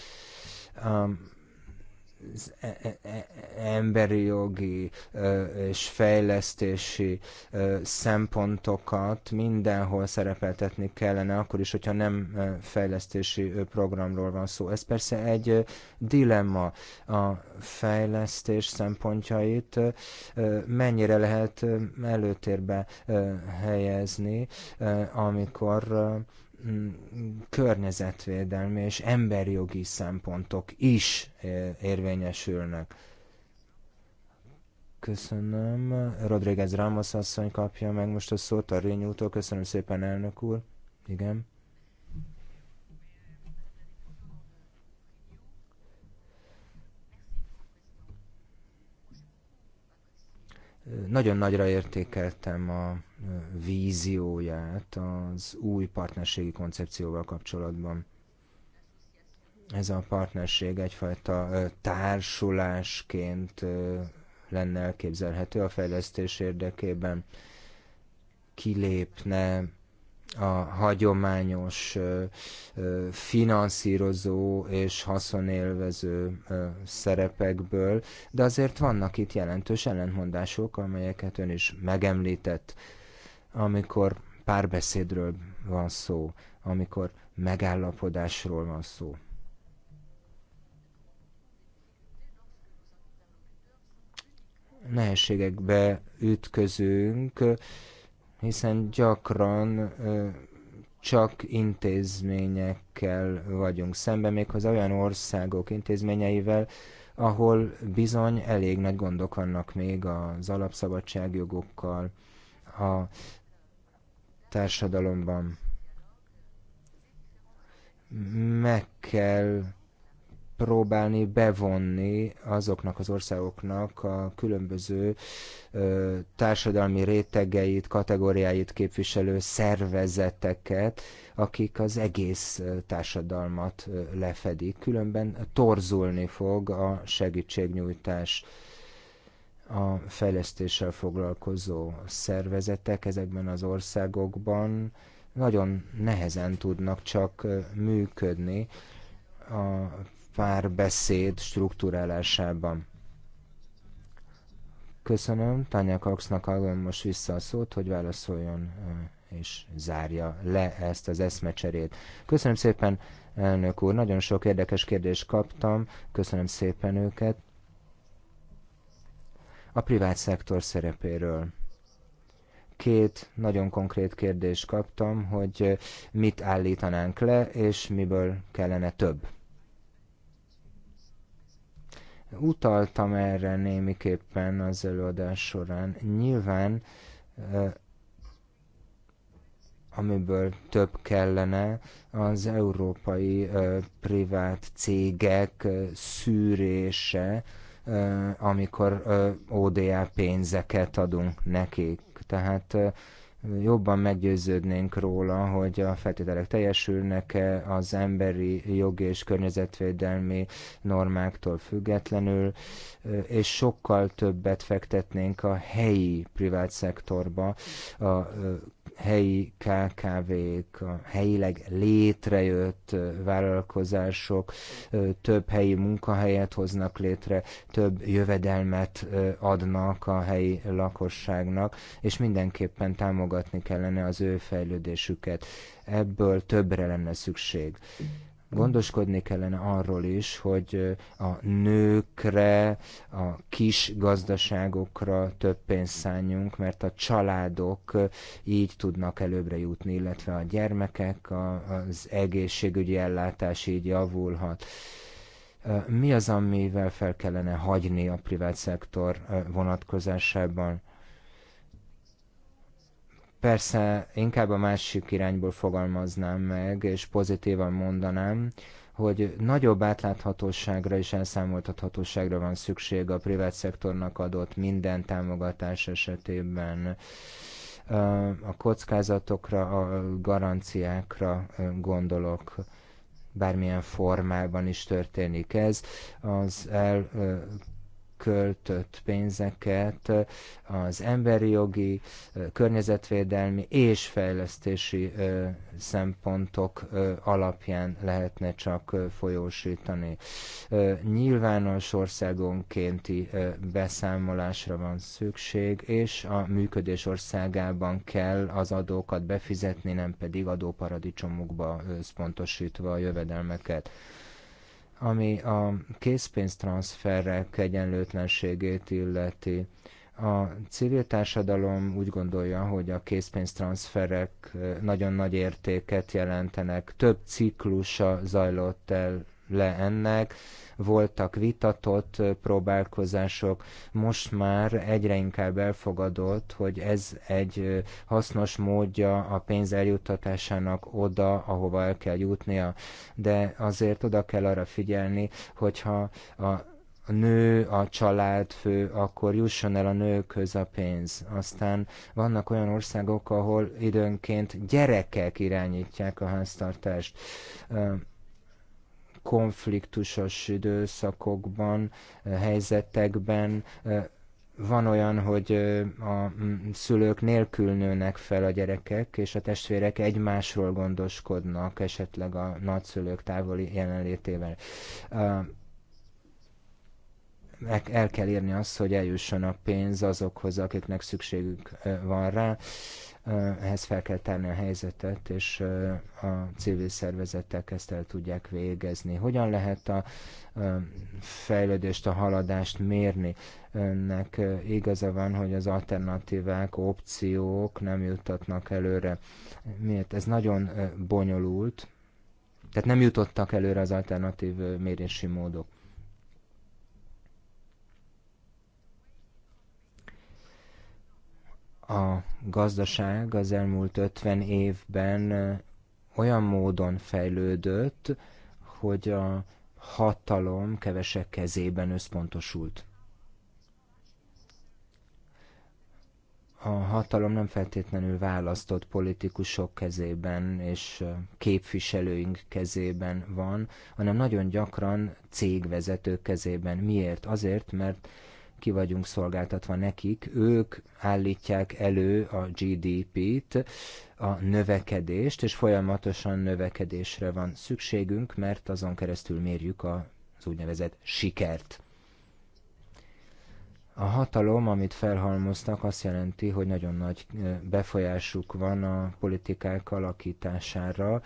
az e- e- e- emberi jogi és fejlesztési szempontokat mindenhol szerepeltetni kellene, akkor is, hogyha nem fejlesztési programról van szó. Ez persze egy dilemma a fejlesztés szempontjait, mennyire lehet előtérbe helyezni, amikor környezetvédelmi és emberjogi szempontok is eh, érvényesülnek. Köszönöm. Rodríguez Ramos asszony kapja meg most a szót a Rényútól. Köszönöm szépen, elnök úr. Igen. Nagyon nagyra értékeltem a vízióját az új partnerségi koncepcióval kapcsolatban. Ez a partnerség egyfajta társulásként lenne elképzelhető a fejlesztés érdekében. Kilépne a hagyományos finanszírozó és haszonélvező szerepekből, de azért vannak itt jelentős ellentmondások, amelyeket ön is megemlített, amikor párbeszédről van szó, amikor megállapodásról van szó. Nehézségekbe ütközünk, hiszen gyakran csak intézményekkel vagyunk szemben, méghozzá olyan országok intézményeivel, ahol bizony elég nagy gondok vannak még az alapszabadságjogokkal a társadalomban. Meg kell próbálni bevonni azoknak az országoknak a különböző ö, társadalmi rétegeit, kategóriáit képviselő szervezeteket, akik az egész társadalmat lefedik. Különben torzulni fog a segítségnyújtás a fejlesztéssel foglalkozó szervezetek ezekben az országokban nagyon nehezen tudnak csak működni, a párbeszéd struktúrálásában. Köszönöm, Tanya Coxnak adom most vissza a szót, hogy válaszoljon és zárja le ezt az eszmecserét. Köszönöm szépen, elnök úr, nagyon sok érdekes kérdést kaptam, köszönöm szépen őket. A privát szektor szerepéről két nagyon konkrét kérdést kaptam, hogy mit állítanánk le, és miből kellene több. Utaltam erre némiképpen az előadás során. Nyilván, amiből több kellene, az európai privát cégek szűrése, amikor ODA pénzeket adunk nekik. Tehát jobban meggyőződnénk róla, hogy a feltételek teljesülnek-e az emberi jogi és környezetvédelmi normáktól függetlenül, és sokkal többet fektetnénk a helyi privát szektorba, a helyi KKV-k, a helyileg létrejött vállalkozások több helyi munkahelyet hoznak létre, több jövedelmet adnak a helyi lakosságnak, és mindenképpen támogatják támogatni kellene az ő fejlődésüket. Ebből többre lenne szükség. Gondoskodni kellene arról is, hogy a nőkre, a kis gazdaságokra több pénzt szálljunk, mert a családok így tudnak előbbre jutni, illetve a gyermekek, az egészségügyi ellátás így javulhat mi az, amivel fel kellene hagyni a privát szektor vonatkozásában? Persze inkább a másik irányból fogalmaznám meg, és pozitívan mondanám, hogy nagyobb átláthatóságra és elszámoltathatóságra van szükség a privát szektornak adott minden támogatás esetében a kockázatokra, a garanciákra gondolok, bármilyen formában is történik ez. Az el költött pénzeket az emberi jogi, környezetvédelmi és fejlesztési szempontok alapján lehetne csak folyósítani. Nyilvános országonkénti beszámolásra van szükség, és a működés országában kell az adókat befizetni, nem pedig adóparadicsomokba összpontosítva a jövedelmeket ami a készpénztranszferrek egyenlőtlenségét illeti. A civil társadalom úgy gondolja, hogy a készpénztranszferek nagyon nagy értéket jelentenek. Több ciklusa zajlott el le ennek, voltak vitatott próbálkozások, most már egyre inkább elfogadott, hogy ez egy hasznos módja a pénz eljuttatásának oda, ahova el kell jutnia. De azért oda kell arra figyelni, hogyha a a nő, a család fő, akkor jusson el a nőkhöz a pénz. Aztán vannak olyan országok, ahol időnként gyerekek irányítják a háztartást konfliktusos időszakokban, eh, helyzetekben eh, van olyan, hogy eh, a mm, szülők nélkül nőnek fel a gyerekek, és a testvérek egymásról gondoskodnak, esetleg a nagyszülők távoli jelenlétével. El kell érni azt, hogy eljusson a pénz azokhoz, akiknek szükségük van rá ehhez fel kell tenni a helyzetet, és a civil szervezetek ezt el tudják végezni. Hogyan lehet a fejlődést, a haladást mérni? Önnek igaza van, hogy az alternatívák, opciók nem jutatnak előre. Miért? Ez nagyon bonyolult, tehát nem jutottak előre az alternatív mérési módok. A gazdaság az elmúlt 50 évben olyan módon fejlődött, hogy a hatalom kevesek kezében összpontosult. a hatalom nem feltétlenül választott politikusok kezében és képviselőink kezében van, hanem nagyon gyakran cégvezetők kezében. Miért? Azért, mert ki vagyunk szolgáltatva nekik, ők állítják elő a GDP-t, a növekedést, és folyamatosan növekedésre van szükségünk, mert azon keresztül mérjük az úgynevezett sikert. A hatalom, amit felhalmoztak, azt jelenti, hogy nagyon nagy eh, befolyásuk van a politikák alakítására,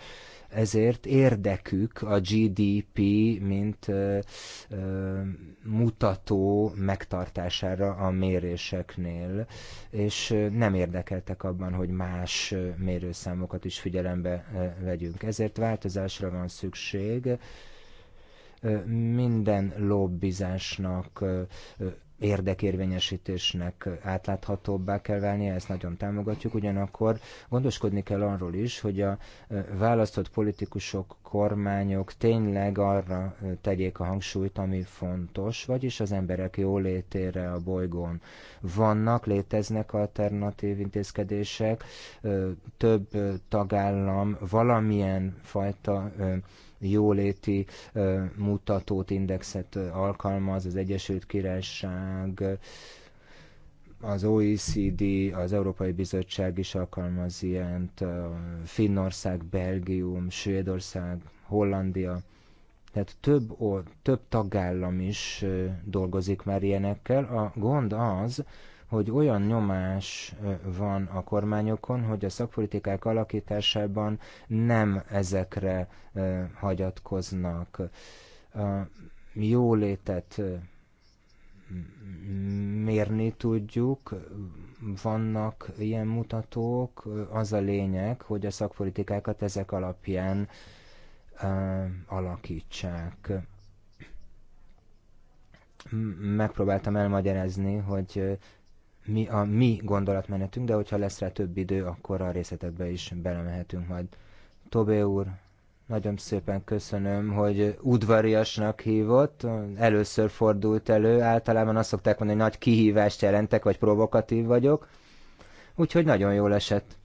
ezért érdekük a GDP, mint ö, eh, ö, eh, mutató megtartására a méréseknél, és nem érdekeltek abban, hogy más mérőszámokat is figyelembe vegyünk. Ezért változásra van szükség, minden lobbizásnak érdekérvényesítésnek átláthatóbbá kell válnia, ezt nagyon támogatjuk, ugyanakkor gondoskodni kell arról is, hogy a választott politikusok, kormányok tényleg arra tegyék a hangsúlyt, ami fontos, vagyis az emberek jólétére a bolygón. Vannak, léteznek alternatív intézkedések, több tagállam valamilyen fajta jóléti mutatót, indexet alkalmaz az Egyesült Királyság, az OECD, az Európai Bizottság is alkalmaz ilyent, Finnország, Belgium, Svédország, Hollandia, tehát több, több tagállam is dolgozik már ilyenekkel. A gond az, hogy olyan nyomás van a kormányokon, hogy a szakpolitikák alakításában nem ezekre hagyatkoznak. A jólétet mérni tudjuk, vannak ilyen mutatók, az a lényeg, hogy a szakpolitikákat ezek alapján alakítsák megpróbáltam elmagyarázni, hogy mi a mi gondolatmenetünk, de hogyha lesz rá több idő, akkor a részletekbe is belemehetünk majd. Tobé úr, nagyon szépen köszönöm, hogy udvariasnak hívott. Először fordult elő, általában azt szokták mondani, hogy nagy kihívást jelentek, vagy provokatív vagyok. Úgyhogy nagyon jól esett.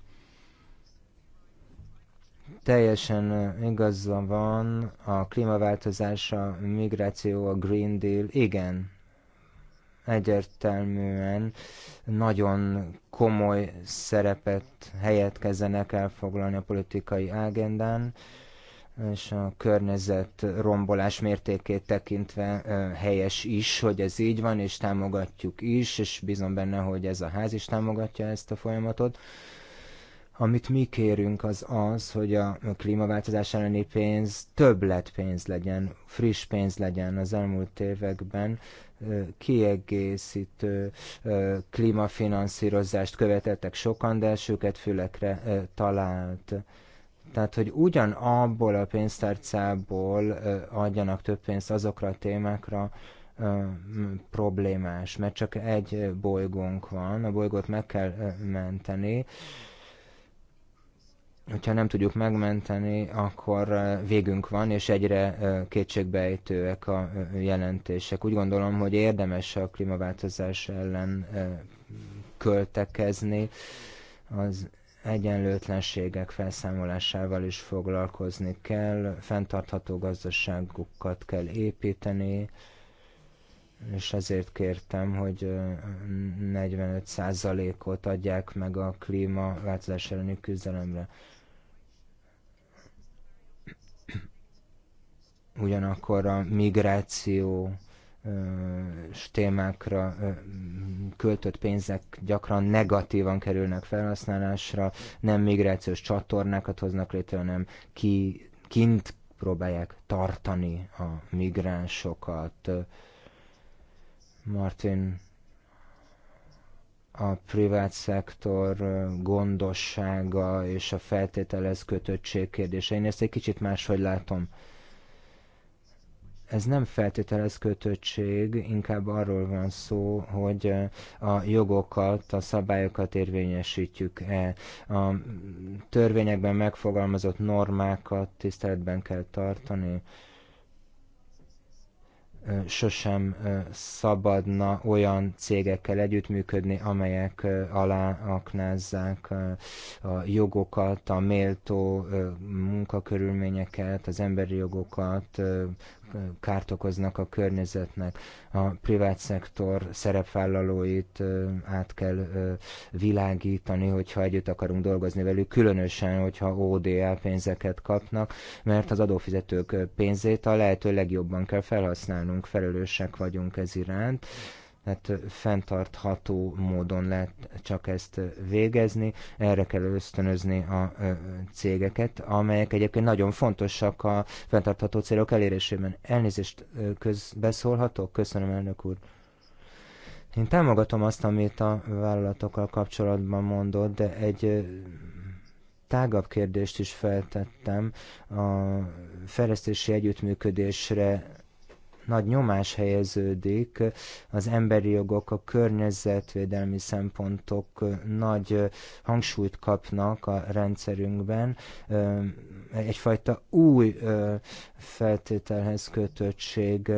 Teljesen igaza van, a klímaváltozás, a migráció, a Green Deal, igen, egyértelműen nagyon komoly szerepet helyet kezdenek elfoglalni a politikai ágendán, és a környezet rombolás mértékét tekintve helyes is, hogy ez így van, és támogatjuk is, és bízom benne, hogy ez a ház is támogatja ezt a folyamatot. Amit mi kérünk az az, hogy a klímaváltozás elleni pénz lett pénz legyen, friss pénz legyen az elmúlt években, kiegészítő klímafinanszírozást követeltek sokan, de elsőket fülekre talált. Tehát, hogy ugyanabból a pénztárcából adjanak több pénzt azokra a témákra, problémás, mert csak egy bolygónk van, a bolygót meg kell menteni, hogyha nem tudjuk megmenteni, akkor végünk van, és egyre kétségbejtőek a jelentések. Úgy gondolom, hogy érdemes a klímaváltozás ellen költekezni, az egyenlőtlenségek felszámolásával is foglalkozni kell, fenntartható gazdaságokat kell építeni, és ezért kértem, hogy 45%-ot adják meg a klímaváltozás elleni küzdelemre. ugyanakkor a migráció témákra költött pénzek gyakran negatívan kerülnek felhasználásra, nem migrációs csatornákat hoznak létre, hanem ki, kint próbálják tartani a migránsokat. Martin a privát szektor gondossága és a feltételez kötöttség kérdése. Én ezt egy kicsit máshogy látom ez nem feltételez kötöttség, inkább arról van szó, hogy eh, a jogokat, a szabályokat érvényesítjük-e. A törvényekben megfogalmazott normákat tiszteletben kell tartani. Eh, sosem eh, szabadna olyan cégekkel együttműködni, amelyek alá aknázzák a jogokat, a méltó munkakörülményeket, az emberi jogokat, kárt okoznak a környezetnek. A privát szektor szerepvállalóit át kell világítani, hogyha együtt akarunk dolgozni velük, különösen, hogyha ODA pénzeket kapnak, mert az adófizetők pénzét a lehető legjobban kell felhasználnunk, felelősek vagyunk ez iránt hát fenntartható módon lehet csak ezt végezni, erre kell ösztönözni a cégeket, amelyek egyébként nagyon fontosak a fenntartható célok elérésében. Elnézést közbeszólhatok? Köszönöm, elnök úr. Én támogatom azt, amit a vállalatokkal kapcsolatban mondott, de egy tágabb kérdést is feltettem. A fejlesztési együttműködésre nagy nyomás helyeződik az emberi jogok, a környezetvédelmi szempontok nagy hangsúlyt kapnak a rendszerünkben, egyfajta új feltételhez kötöttség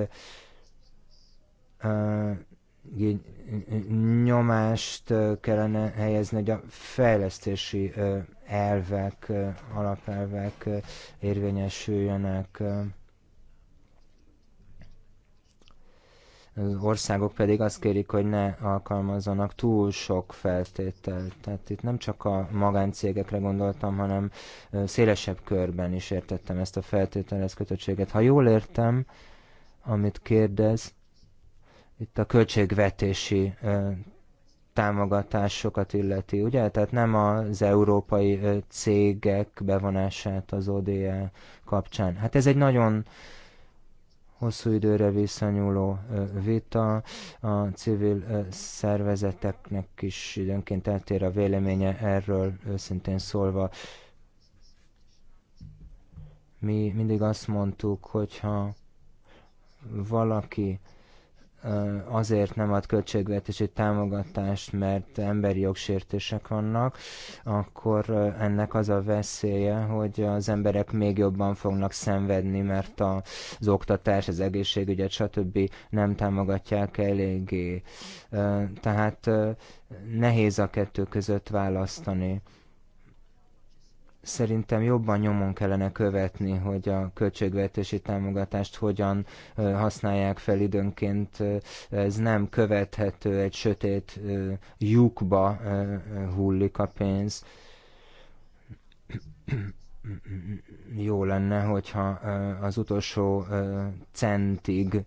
nyomást kellene helyezni, hogy a fejlesztési elvek, alapelvek érvényesüljenek. országok pedig azt kérik, hogy ne alkalmazzanak túl sok feltételt. Tehát itt nem csak a magáncégekre gondoltam, hanem szélesebb körben is értettem ezt a feltételhez kötöttséget. Ha jól értem, amit kérdez, itt a költségvetési támogatásokat illeti, ugye? Tehát nem az európai cégek bevonását az ODE kapcsán. Hát ez egy nagyon hosszú időre visszanyúló vita, a civil szervezeteknek is időnként eltér a véleménye erről, őszintén szólva. Mi mindig azt mondtuk, hogyha valaki azért nem ad költségvetési támogatást, mert emberi jogsértések vannak, akkor ennek az a veszélye, hogy az emberek még jobban fognak szenvedni, mert az oktatás, az egészségügyet, stb. nem támogatják eléggé. Tehát nehéz a kettő között választani szerintem jobban nyomon kellene követni, hogy a költségvetési támogatást hogyan használják fel időnként. Ez nem követhető, egy sötét lyukba hullik a pénz. Jó lenne, hogyha az utolsó centig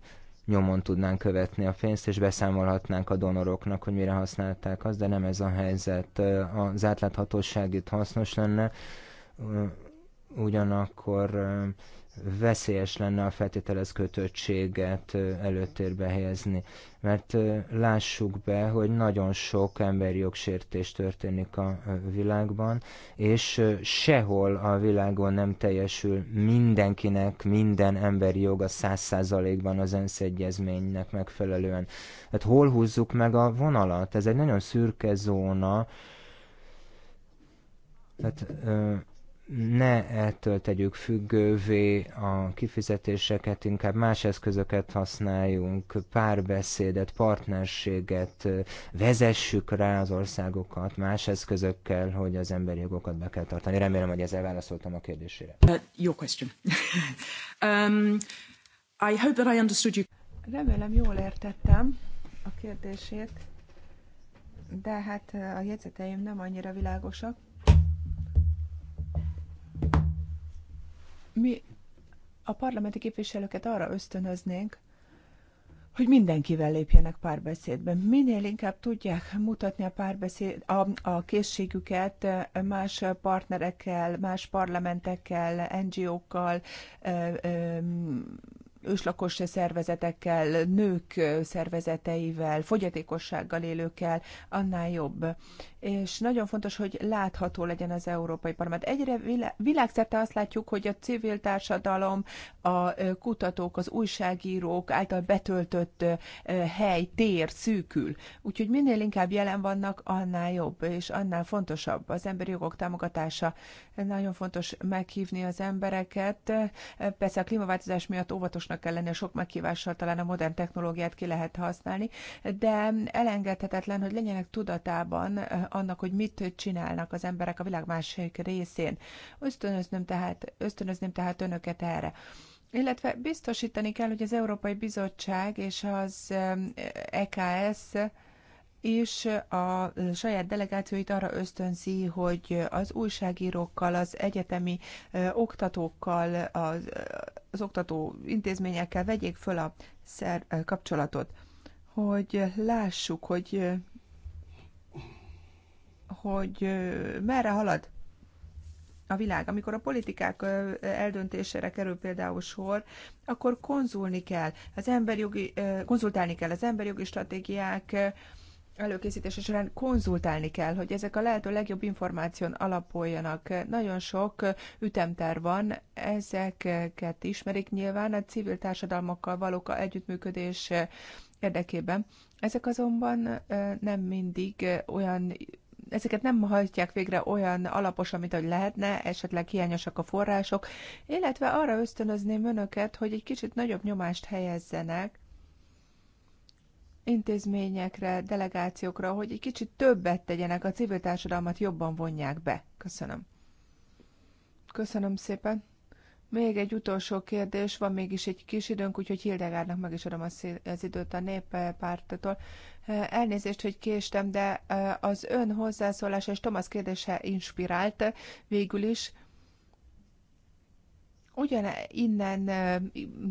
nyomon tudnánk követni a pénzt, és beszámolhatnánk a donoroknak, hogy mire használták azt, de nem ez a helyzet. Az átláthatóság itt hasznos lenne, ugyanakkor veszélyes lenne a feltételez kötöttséget előtérbe helyezni mert lássuk be, hogy nagyon sok emberi jogsértés történik a világban, és sehol a világon nem teljesül mindenkinek minden emberi joga száz százalékban az ENSZ egyezménynek megfelelően. Hát hol húzzuk meg a vonalat? Ez egy nagyon szürke zóna. Tehát ne ettől tegyük függővé a kifizetéseket, inkább más eszközöket használjunk, párbeszédet, partnerséget, vezessük rá az országokat más eszközökkel, hogy az emberi jogokat be kell tartani. Remélem, hogy ezzel válaszoltam a kérdésére. Jó uh, question. um, I hope that I understood you. Remélem, jól értettem a kérdését, de hát uh, a jegyzeteim nem annyira világosak. mi a parlamenti képviselőket arra ösztönöznénk, hogy mindenkivel lépjenek párbeszédbe. Minél inkább tudják mutatni a párbeszéd, a, a készségüket más partnerekkel, más parlamentekkel, NGO-kkal, őslakos szervezetekkel, nők szervezeteivel, fogyatékossággal élőkkel, annál jobb. És nagyon fontos, hogy látható legyen az Európai Parlament. Egyre világszerte azt látjuk, hogy a civil társadalom, a kutatók, az újságírók által betöltött hely, tér szűkül. Úgyhogy minél inkább jelen vannak, annál jobb, és annál fontosabb az emberi jogok támogatása. Nagyon fontos meghívni az embereket. Persze a klímaváltozás miatt óvatosnak kihívásnak kell lenni, sok meghívással talán a modern technológiát ki lehet használni, de elengedhetetlen, hogy legyenek tudatában eh, annak, hogy mit csinálnak az emberek a világ másik részén. Ösztönöznöm tehát, ösztönözném tehát önöket erre. Illetve biztosítani kell, hogy az Európai Bizottság és az EKS eh, e és a saját delegációit arra ösztönzi, hogy az újságírókkal, az egyetemi oktatókkal, az, az oktató intézményekkel vegyék föl a szer kapcsolatot, hogy lássuk, hogy hogy merre halad a világ. Amikor a politikák eldöntésére kerül például sor, akkor konzulni kell, az emberjogi, konzultálni kell az emberjogi stratégiák, előkészítés során konzultálni kell, hogy ezek a lehető legjobb információn alapoljanak. Nagyon sok ütemterv van, ezeket ismerik nyilván a civil társadalmakkal való együttműködés érdekében. Ezek azonban nem mindig olyan ezeket nem hajtják végre olyan alapos amit hogy lehetne, esetleg hiányosak a források, illetve arra ösztönözném önöket, hogy egy kicsit nagyobb nyomást helyezzenek intézményekre, delegációkra, hogy egy kicsit többet tegyenek, a civil társadalmat jobban vonják be. Köszönöm. Köszönöm szépen. Még egy utolsó kérdés, van mégis egy kis időnk, úgyhogy Hildegárnak meg is adom az időt a néppártatól. Elnézést, hogy késtem, de az ön hozzászólása és Tomasz kérdése inspirált végül is ugyan innen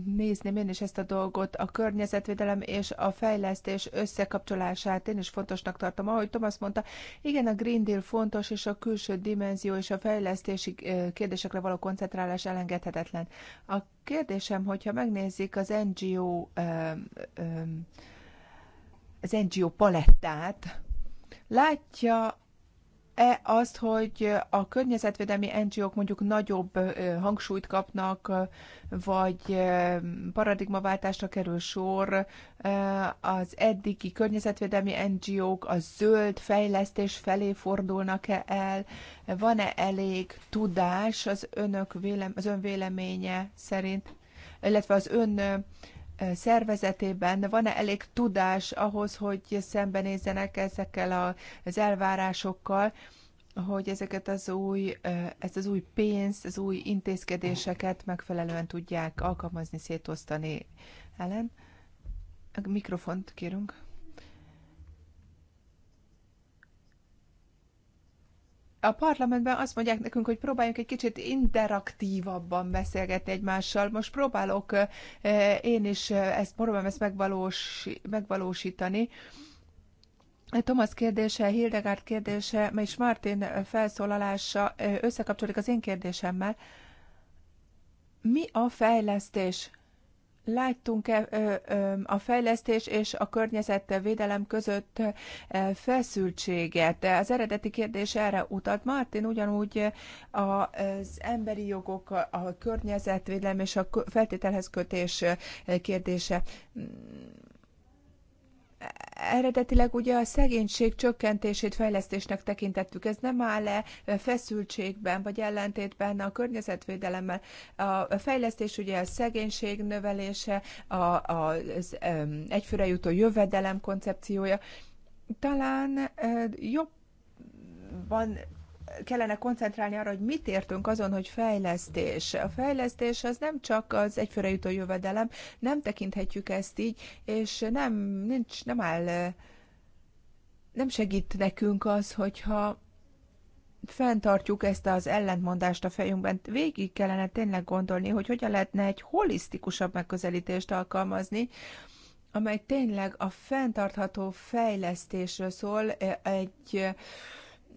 nézném én is ezt a dolgot, a környezetvédelem és a fejlesztés összekapcsolását én is fontosnak tartom. Ahogy Thomas mondta, igen, a Green Deal fontos, és a külső dimenzió és a fejlesztési kérdésekre való koncentrálás elengedhetetlen. A kérdésem, hogyha megnézzük az NGO az NGO palettát, látja e azt, hogy a környezetvédelmi NGO-k mondjuk nagyobb hangsúlyt kapnak, vagy paradigmaváltásra kerül sor, az eddigi környezetvédelmi NGO-k a zöld fejlesztés felé fordulnak-e el, van-e elég tudás az önök vélem, az ön véleménye szerint, illetve az ön szervezetében van-e elég tudás ahhoz, hogy szembenézzenek ezekkel az elvárásokkal, hogy ezeket az új, ezt az új pénzt, az új intézkedéseket megfelelően tudják alkalmazni, szétosztani. Ellen, A mikrofont kérünk. a parlamentben azt mondják nekünk, hogy próbáljunk egy kicsit interaktívabban beszélgetni egymással. Most próbálok én is ezt, próbálom ezt megvalós, megvalósítani. Thomas kérdése, Hildegard kérdése, és Martin felszólalása összekapcsolódik az én kérdésemmel. Mi a fejlesztés? láttunk-e a fejlesztés és a környezetvédelem között feszültséget? Az eredeti kérdés erre utalt. Martin ugyanúgy az emberi jogok, a környezetvédelem és a feltételhez kötés kérdése eredetileg ugye a szegénység csökkentését fejlesztésnek tekintettük. Ez nem áll le feszültségben vagy ellentétben a környezetvédelemmel. A fejlesztés ugye a szegénység növelése, a, az egyfőre jutó jövedelem koncepciója. Talán jobb van kellene koncentrálni arra, hogy mit értünk azon, hogy fejlesztés. A fejlesztés az nem csak az egyfőre jutó jövedelem, nem tekinthetjük ezt így, és nem, nincs, nem áll, nem segít nekünk az, hogyha fenntartjuk ezt az ellentmondást a fejünkben, végig kellene tényleg gondolni, hogy hogyan lehetne egy holisztikusabb megközelítést alkalmazni, amely tényleg a fenntartható fejlesztésről szól, eh, egy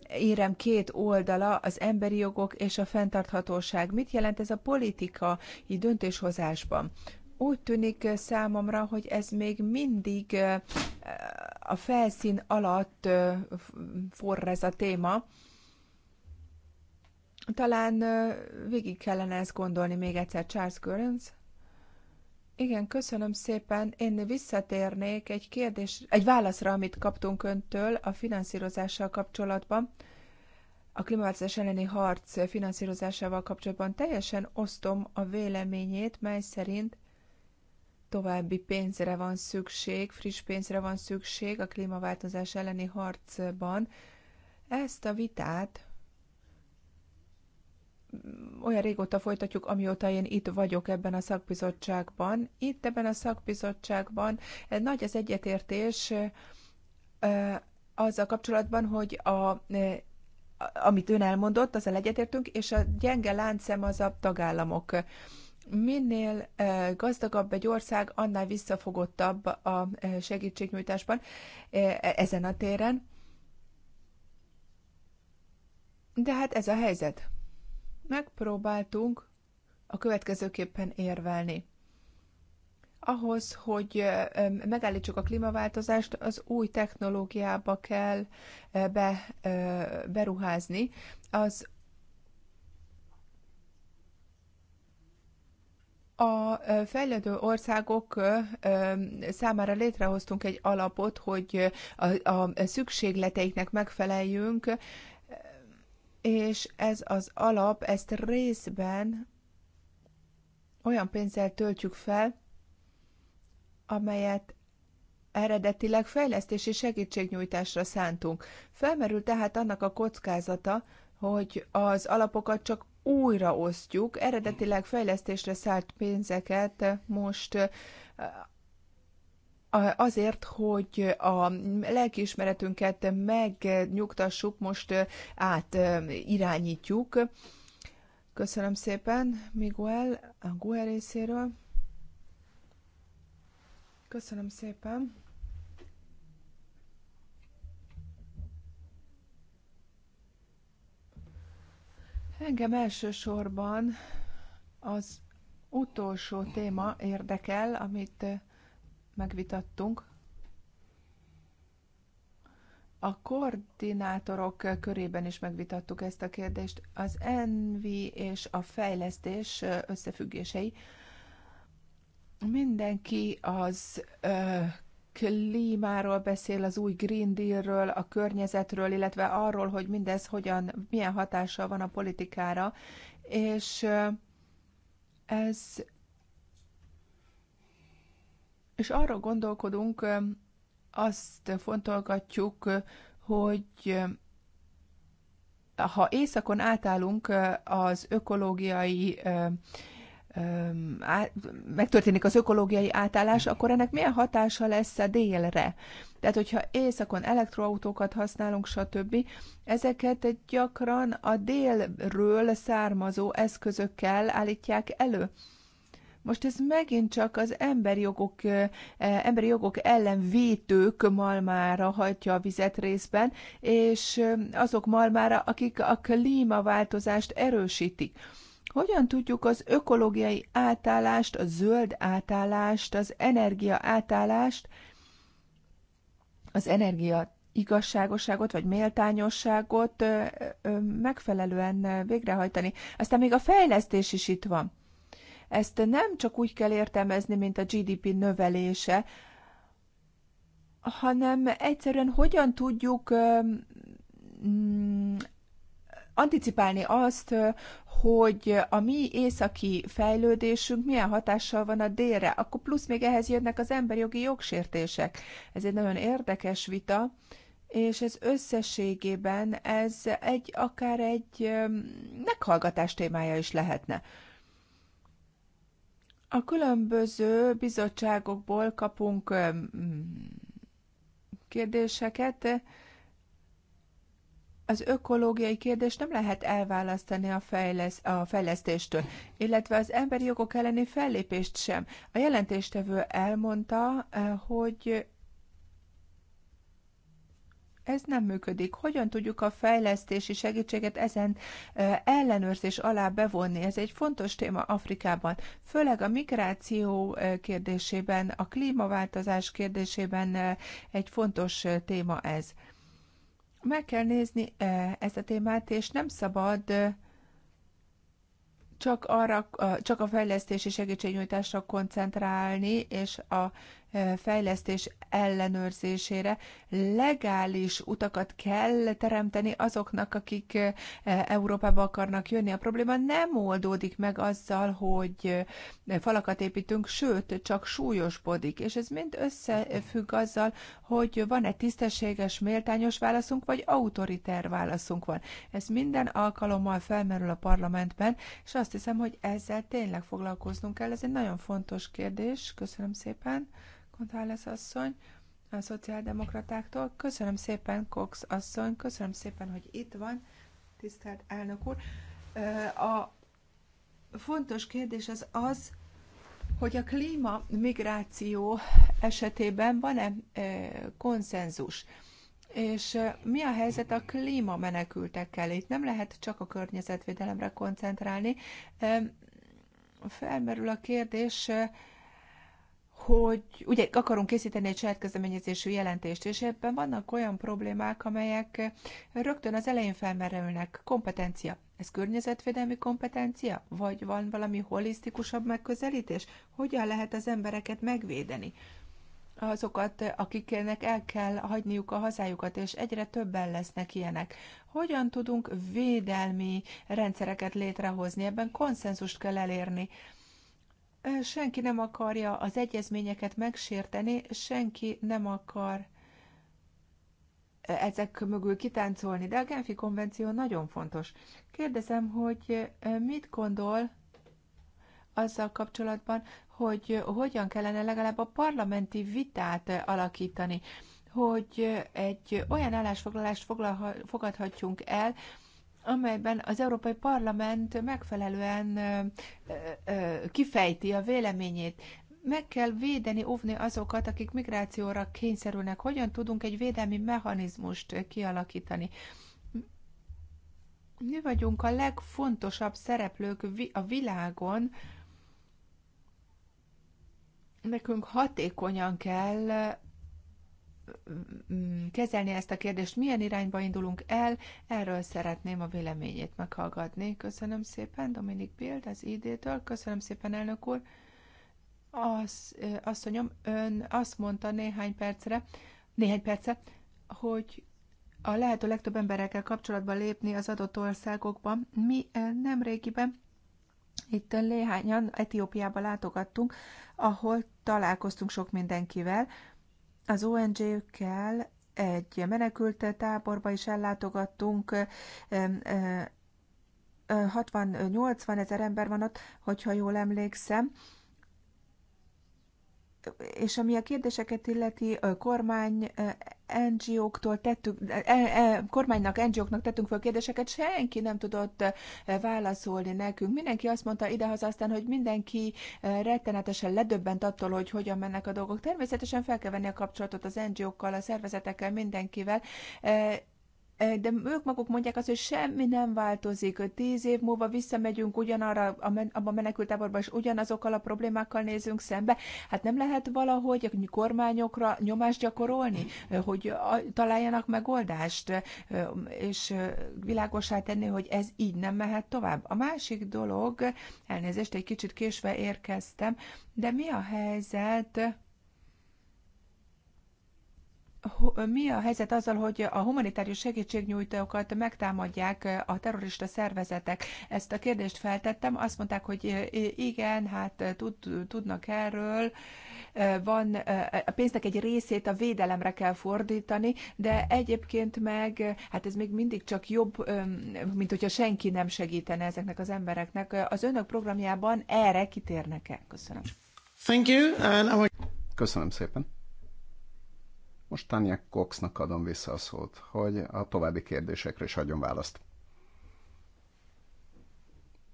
érem két oldala az emberi jogok és a fenntarthatóság. Mit jelent ez a politikai döntéshozásban? Úgy tűnik számomra, hogy ez még mindig a felszín alatt forr ez a téma. Talán végig kellene ezt gondolni még egyszer Charles Görens. Igen, köszönöm szépen. Én visszatérnék egy kérdés, egy válaszra, amit kaptunk öntől a finanszírozással kapcsolatban a klímaváltozás elleni harc finanszírozásával kapcsolatban teljesen osztom a véleményét, mely szerint további pénzre van szükség, friss pénzre van szükség a klímaváltozás elleni harcban. Ezt a vitát olyan régóta folytatjuk, amióta én itt vagyok ebben a szakbizottságban. Itt ebben a szakbizottságban nagy az egyetértés azzal kapcsolatban, hogy a amit ön elmondott, az a egyetértünk, és a gyenge láncem az a tagállamok. Minél gazdagabb egy ország, annál visszafogottabb a segítségnyújtásban e, ezen a téren. De hát ez a helyzet megpróbáltunk a következőképpen érvelni. Ahhoz, hogy megállítsuk a klímaváltozást, az új technológiába kell be, beruházni. Az A fejlődő országok számára létrehoztunk egy alapot, hogy a, szükségleteiknek megfeleljünk, és ez az alap, ezt részben olyan pénzzel töltjük fel, amelyet eredetileg fejlesztési segítségnyújtásra szántunk. Felmerül tehát annak a kockázata, hogy az alapokat csak újraosztjuk, eredetileg fejlesztésre szállt pénzeket most azért, hogy a lelkiismeretünket megnyugtassuk, most át irányítjuk. Köszönöm szépen, Miguel, a GUE részéről. Köszönöm szépen. Engem elsősorban az utolsó téma érdekel, amit megvitattunk. A koordinátorok körében is megvitattuk ezt a kérdést. Az envi és a fejlesztés összefüggései. Mindenki az ö, klímáról beszél, az új Green Dealről, a környezetről, illetve arról, hogy mindez hogyan, milyen hatással van a politikára, és ez és arra gondolkodunk, azt fontolgatjuk, hogy ha északon átállunk az ökológiai megtörténik az ökológiai átállás, akkor ennek milyen hatása lesz a délre? Tehát, hogyha éjszakon elektroautókat használunk, stb., ezeket gyakran a délről származó eszközökkel állítják elő. Most ez megint csak az emberi jogok, e, emberi jogok ellen vétők malmára hajtja a vizet részben, és azok malmára, akik a klímaváltozást erősítik. Hogyan tudjuk az ökológiai átállást, a zöld átállást, az energia átállást, az energia igazságosságot vagy méltányosságot megfelelően végrehajtani. Aztán még a fejlesztés is itt van ezt nem csak úgy kell értelmezni, mint a GDP növelése, hanem egyszerűen hogyan tudjuk mm, anticipálni azt, hogy a mi északi fejlődésünk milyen hatással van a délre, akkor plusz még ehhez jönnek az emberjogi jogsértések. Ez egy nagyon érdekes vita, és ez összességében ez egy akár egy meghallgatás témája is lehetne. A különböző bizottságokból kapunk kérdéseket. Az ökológiai kérdést nem lehet elválasztani a, fejlesz, a fejlesztéstől, illetve az emberi jogok elleni fellépést sem. A jelentéstevő elmondta, eh, hogy ez nem működik. Hogyan tudjuk a fejlesztési segítséget ezen ellenőrzés alá bevonni? Ez egy fontos téma Afrikában, főleg a migráció kérdésében, a klímaváltozás kérdésében egy fontos téma ez. Meg kell nézni ezt a témát, és nem szabad csak, arra, csak a fejlesztési segítségnyújtásra koncentrálni, és a fejlesztés ellenőrzésére. Legális utakat kell teremteni azoknak, akik Európába akarnak jönni. A probléma nem oldódik meg azzal, hogy falakat építünk, sőt, csak súlyosbodik. És ez mind összefügg azzal, hogy van-e tisztességes, méltányos válaszunk, vagy autoriter válaszunk van. Ez minden alkalommal felmerül a parlamentben, és azt hiszem, hogy ezzel tényleg foglalkoznunk kell. Ez egy nagyon fontos kérdés. Köszönöm szépen. González asszony, a szociáldemokratáktól. Köszönöm szépen, Cox asszony, köszönöm szépen, hogy itt van, tisztelt elnök úr. A fontos kérdés az az, hogy a klíma migráció esetében van-e konszenzus? És mi a helyzet a klíma menekültekkel? Itt nem lehet csak a környezetvédelemre koncentrálni. Felmerül a kérdés, hogy ugye akarunk készíteni egy saját kezdeményezésű jelentést, és ebben vannak olyan problémák, amelyek rögtön az elején felmerülnek. Kompetencia. Ez környezetvédelmi kompetencia? Vagy van valami holisztikusabb megközelítés? Hogyan lehet az embereket megvédeni? azokat, akiknek el kell hagyniuk a hazájukat, és egyre többen lesznek ilyenek. Hogyan tudunk védelmi rendszereket létrehozni? Ebben konszenzust kell elérni. Senki nem akarja az egyezményeket megsérteni, senki nem akar ezek mögül kitáncolni, de a Genfi konvenció nagyon fontos. Kérdezem, hogy mit gondol azzal kapcsolatban, hogy hogyan kellene legalább a parlamenti vitát alakítani, hogy egy olyan állásfoglalást fogadhatjunk el, amelyben az Európai Parlament megfelelően kifejti a véleményét. Meg kell védeni, óvni azokat, akik migrációra kényszerülnek. Hogyan tudunk egy védelmi mechanizmust kialakítani? Mi vagyunk a legfontosabb szereplők a világon, nekünk hatékonyan kell Mm, kezelni ezt a kérdést, milyen irányba indulunk el, erről szeretném a véleményét meghallgatni. Köszönöm szépen, Dominik Bild, az idétől. Köszönöm szépen, elnök úr. Az, mondjam, ön azt mondta néhány percre, néhány perce, hogy a lehető legtöbb emberekkel kapcsolatban lépni az adott országokban. Mi nem régiben itt néhányan Etiópiába látogattunk, ahol találkoztunk sok mindenkivel, az ONG-kkel egy menekült táborba is ellátogattunk, 60-80 ezer ember van ott, hogyha jól emlékszem, és ami a kérdéseket illeti, kormány NGO-któl tettük, e, e, kormánynak, NGO-knak tettünk fel kérdéseket, senki nem tudott válaszolni nekünk. Mindenki azt mondta idehaza aztán, hogy mindenki rettenetesen ledöbbent attól, hogy hogyan mennek a dolgok. Természetesen fel kell venni a kapcsolatot az NGO-kkal, a szervezetekkel, mindenkivel, de ők maguk mondják azt, hogy semmi nem változik. Tíz év múlva visszamegyünk ugyanarra, abban a menekültáborban, és ugyanazokkal a problémákkal nézünk szembe. Hát nem lehet valahogy a kormányokra nyomást gyakorolni, hogy találjanak megoldást, és világosá tenni, hogy ez így nem mehet tovább. A másik dolog, elnézést, egy kicsit késve érkeztem, de mi a helyzet mi a helyzet azzal, hogy a humanitárius segítségnyújtókat megtámadják eh, a terrorista szervezetek? Ezt a kérdést feltettem, azt mondták, hogy eh, igen, hát eh, tud, tudnak erről, van, a pénznek egy részét a védelemre kell fordítani, de egyébként meg, hát ez még mindig csak jobb, mint hogyha senki nem segítene ezeknek az embereknek. Az önök programjában erre kitérnek-e? Köszönöm. Thank you, and I... Köszönöm szépen. Most Tanya Coxnak adom vissza a szót, hogy a további kérdésekre is adjon választ.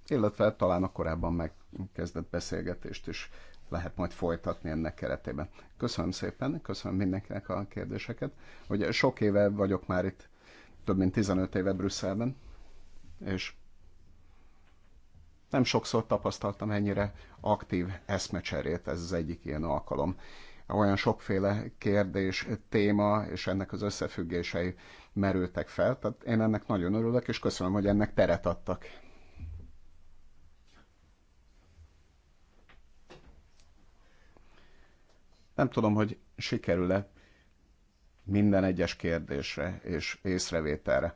Illetve talán a korábban megkezdett beszélgetést is lehet majd folytatni ennek keretében. Köszönöm szépen, köszönöm mindenkinek a kérdéseket. Ugye sok éve vagyok már itt, több mint 15 éve Brüsszelben, és nem sokszor tapasztaltam ennyire aktív eszmecserét, ez az egyik ilyen alkalom olyan sokféle kérdés, téma és ennek az összefüggései merültek fel. Tehát én ennek nagyon örülök, és köszönöm, hogy ennek teret adtak. Nem tudom, hogy sikerül-e minden egyes kérdésre és észrevételre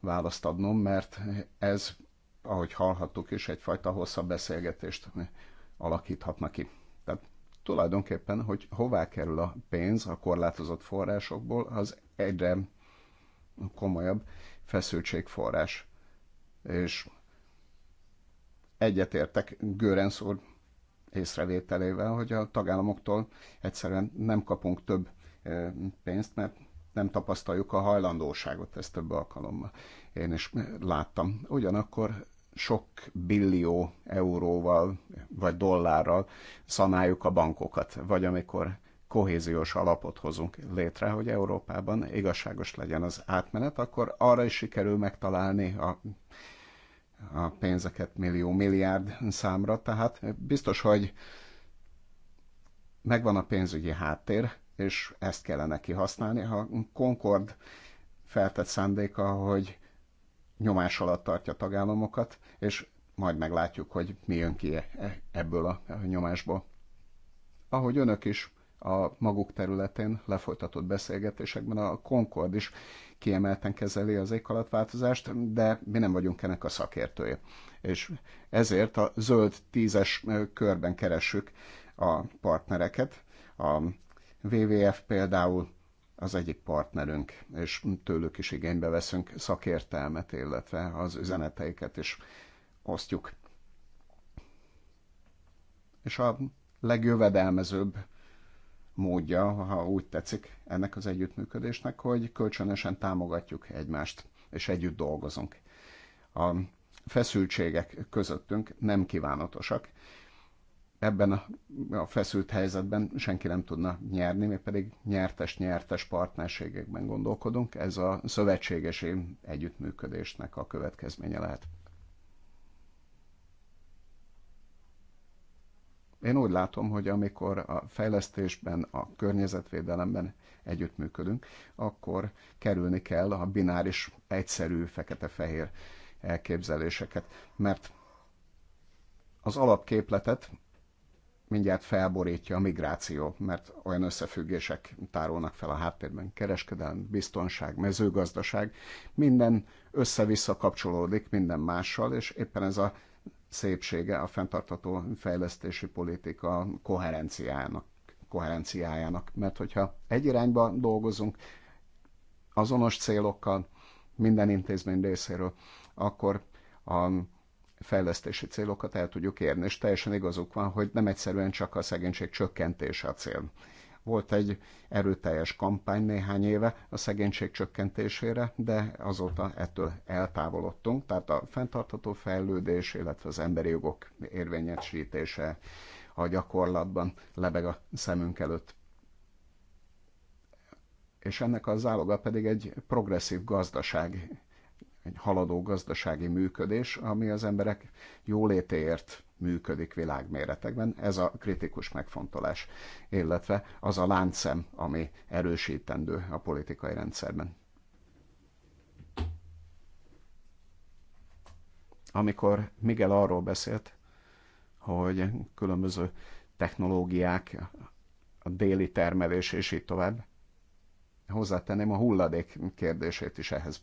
választ adnom, mert ez, ahogy hallhattuk is, egyfajta hosszabb beszélgetést alakíthatna ki tulajdonképpen, hogy hová kerül a pénz a korlátozott forrásokból, az egyre komolyabb feszültségforrás. És egyetértek Görensz úr észrevételével, hogy a tagállamoktól egyszerűen nem kapunk több pénzt, mert nem tapasztaljuk a hajlandóságot ezt több alkalommal. Én is láttam. Ugyanakkor sok billió euróval vagy dollárral szanáljuk a bankokat, vagy amikor kohéziós alapot hozunk létre, hogy Európában igazságos legyen az átmenet, akkor arra is sikerül megtalálni a, a pénzeket millió milliárd számra. Tehát biztos, hogy megvan a pénzügyi háttér, és ezt kellene kihasználni. Ha Concord feltett szándéka, hogy nyomás alatt tartja a tagállamokat, és majd meglátjuk, hogy mi jön ki e, e, ebből a nyomásból. Ahogy önök is a maguk területén lefolytatott beszélgetésekben a Concord is kiemelten kezeli az éghalatváltozást, de mi nem vagyunk ennek a szakértője. És ezért a zöld tízes körben keressük a partnereket. A WWF például az egyik partnerünk, és tőlük is igénybe veszünk szakértelmet, illetve az üzeneteiket is osztjuk. És a legjövedelmezőbb módja, ha úgy tetszik, ennek az együttműködésnek, hogy kölcsönösen támogatjuk egymást, és együtt dolgozunk. A feszültségek közöttünk nem kívánatosak, ebben a, a feszült helyzetben senki nem tudna nyerni, mi pedig nyertes-nyertes partnerségekben gondolkodunk. Ez a szövetségesi együttműködésnek a következménye lehet. Én úgy látom, hogy amikor a fejlesztésben, a környezetvédelemben együttműködünk, akkor kerülni kell a bináris, egyszerű, fekete-fehér elképzeléseket, mert az alapképletet mindjárt felborítja a migráció, mert olyan összefüggések tárolnak fel a háttérben. Kereskedelem, biztonság, mezőgazdaság, minden össze-vissza kapcsolódik minden mással, és éppen ez a szépsége a fenntartató fejlesztési politika koherenciájának, koherenciájának. Mert hogyha egy irányba dolgozunk, azonos célokkal, minden intézmény részéről, akkor a fejlesztési célokat el tudjuk érni, és teljesen igazuk van, hogy nem egyszerűen csak a szegénység csökkentése a cél. Volt egy erőteljes kampány néhány éve a szegénység csökkentésére, de azóta ettől eltávolodtunk, tehát a fenntartható fejlődés, illetve az emberi jogok érvényesítése a gyakorlatban lebeg a szemünk előtt és ennek a záloga pedig egy progresszív gazdaság egy haladó gazdasági működés, ami az emberek jólétéért működik világméretekben. Ez a kritikus megfontolás, illetve az a láncszem, ami erősítendő a politikai rendszerben. Amikor Miguel arról beszélt, hogy különböző technológiák, a déli termelés és így tovább, hozzátenném a hulladék kérdését is ehhez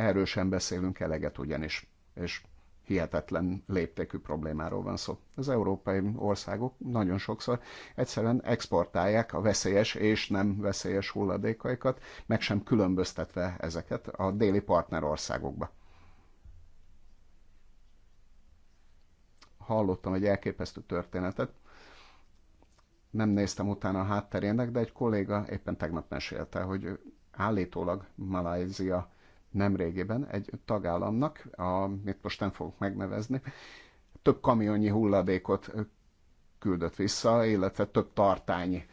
Erről sem beszélünk eleget ugyanis, és hihetetlen léptékű problémáról van szó. Az európai országok nagyon sokszor egyszerűen exportálják a veszélyes és nem veszélyes hulladékaikat, meg sem különböztetve ezeket a déli partnerországokba. Hallottam egy elképesztő történetet, nem néztem utána a hátterének, de egy kolléga éppen tegnap mesélte, hogy állítólag Malajzia nemrégiben egy tagállamnak, amit most nem fogok megnevezni, több kamionnyi hulladékot küldött vissza, illetve több tartányi,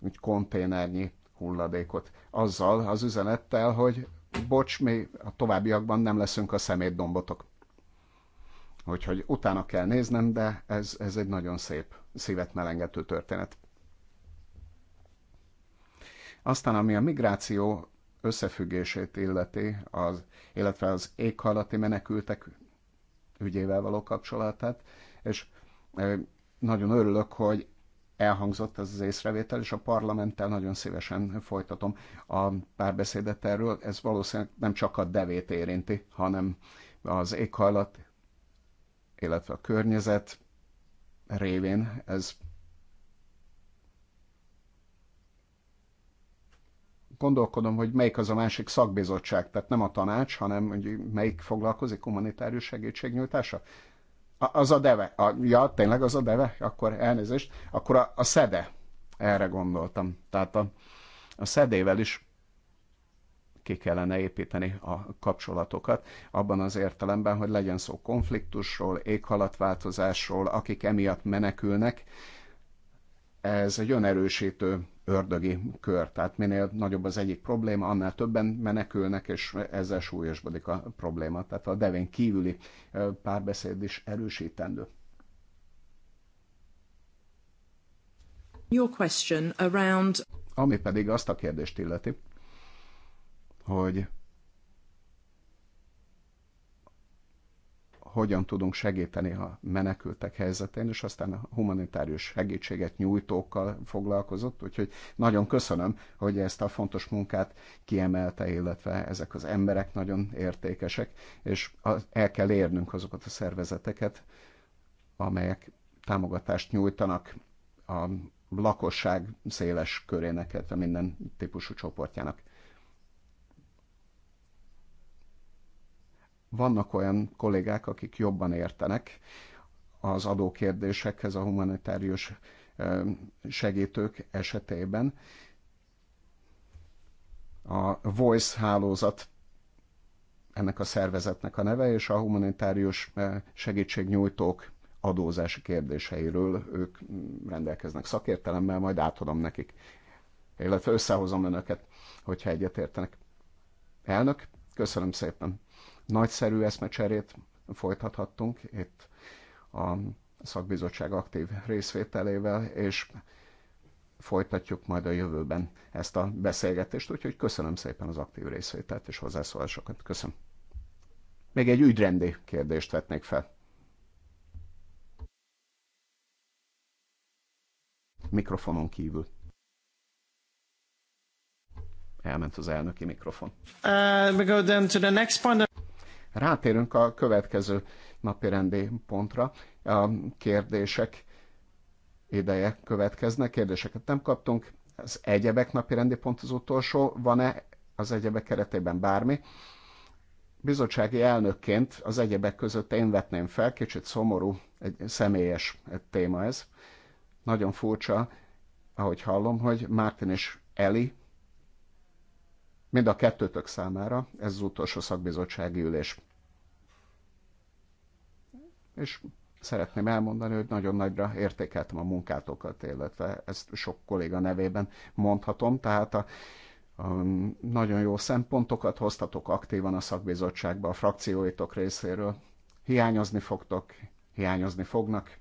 úgy konténernyi hulladékot. Azzal az üzenettel, hogy bocs, mi a továbbiakban nem leszünk a szemétdombotok. Úgyhogy utána kell néznem, de ez, ez egy nagyon szép, szívet melengető történet. Aztán, ami a migráció összefüggését illeti, az, illetve az éghajlati menekültek ügyével való kapcsolatát, és nagyon örülök, hogy elhangzott ez az észrevétel, és a parlamenttel nagyon szívesen folytatom a párbeszédet erről. Ez valószínűleg nem csak a devét érinti, hanem az éghajlat, illetve a környezet révén ez gondolkodom, hogy melyik az a másik szakbizottság, tehát nem a tanács, hanem hogy melyik foglalkozik humanitárius segítségnyújtása. A, az a deve. A, ja, tényleg az a deve? Akkor elnézést. Akkor a, a szede. Erre gondoltam. Tehát a, a szedével is ki kellene építeni a kapcsolatokat, abban az értelemben, hogy legyen szó konfliktusról, éghalatváltozásról, akik emiatt menekülnek. Ez egy önerősítő ördögi kör. Tehát minél nagyobb az egyik probléma, annál többen menekülnek, és ezzel súlyosbodik a probléma. Tehát a devén kívüli párbeszéd is erősítendő. Your question around... Ami pedig azt a kérdést illeti, hogy hogyan tudunk segíteni a menekültek helyzetén, és aztán a humanitárius segítséget nyújtókkal foglalkozott, úgyhogy nagyon köszönöm, hogy ezt a fontos munkát kiemelte, illetve ezek az emberek nagyon értékesek, és el kell érnünk azokat a szervezeteket, amelyek támogatást nyújtanak a lakosság széles körének, a minden típusú csoportjának. Vannak olyan kollégák, akik jobban értenek az adókérdésekhez a humanitárius segítők esetében. A Voice hálózat ennek a szervezetnek a neve, és a humanitárius segítségnyújtók adózási kérdéseiről ők rendelkeznek szakértelemmel, majd átadom nekik, illetve összehozom önöket, hogyha egyetértenek. Elnök, köszönöm szépen nagyszerű eszmecserét folytathattunk itt a szakbizottság aktív részvételével, és folytatjuk majd a jövőben ezt a beszélgetést, úgyhogy köszönöm szépen az aktív részvételt és hozzászólásokat. Köszönöm. Még egy ügyrendi kérdést vetnék fel. Mikrofonon kívül. Elment az elnöki mikrofon. Uh, we go then to the next point. Rátérünk a következő napi rendi pontra. A kérdések ideje következnek, kérdéseket nem kaptunk. Az egyebek napi rendi pont az utolsó. Van-e az egyebek keretében bármi? bizottsági elnökként az egyebek között én vetném fel, kicsit szomorú, egy személyes téma ez. Nagyon furcsa, ahogy hallom, hogy Mártin és Eli Mind a kettőtök számára ez az utolsó szakbizottsági ülés. És szeretném elmondani, hogy nagyon nagyra értékeltem a munkátokat, illetve ezt sok kolléga nevében mondhatom, tehát a, a nagyon jó szempontokat hoztatok aktívan a szakbizottságba, a frakcióitok részéről. Hiányozni fogtok, hiányozni fognak,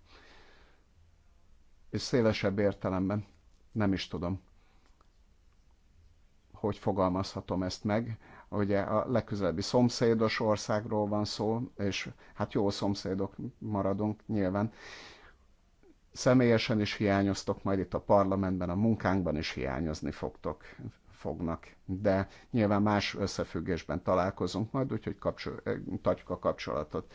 és szélesebb értelemben nem is tudom, hogy fogalmazhatom ezt meg. Ugye a legközelebbi szomszédos országról van szó, és hát jó szomszédok maradunk nyilván. Személyesen is hiányoztok, majd itt a parlamentben, a munkánkban is hiányozni fogtok, fognak. De nyilván más összefüggésben találkozunk majd, úgyhogy kapcsol, tartjuk a kapcsolatot.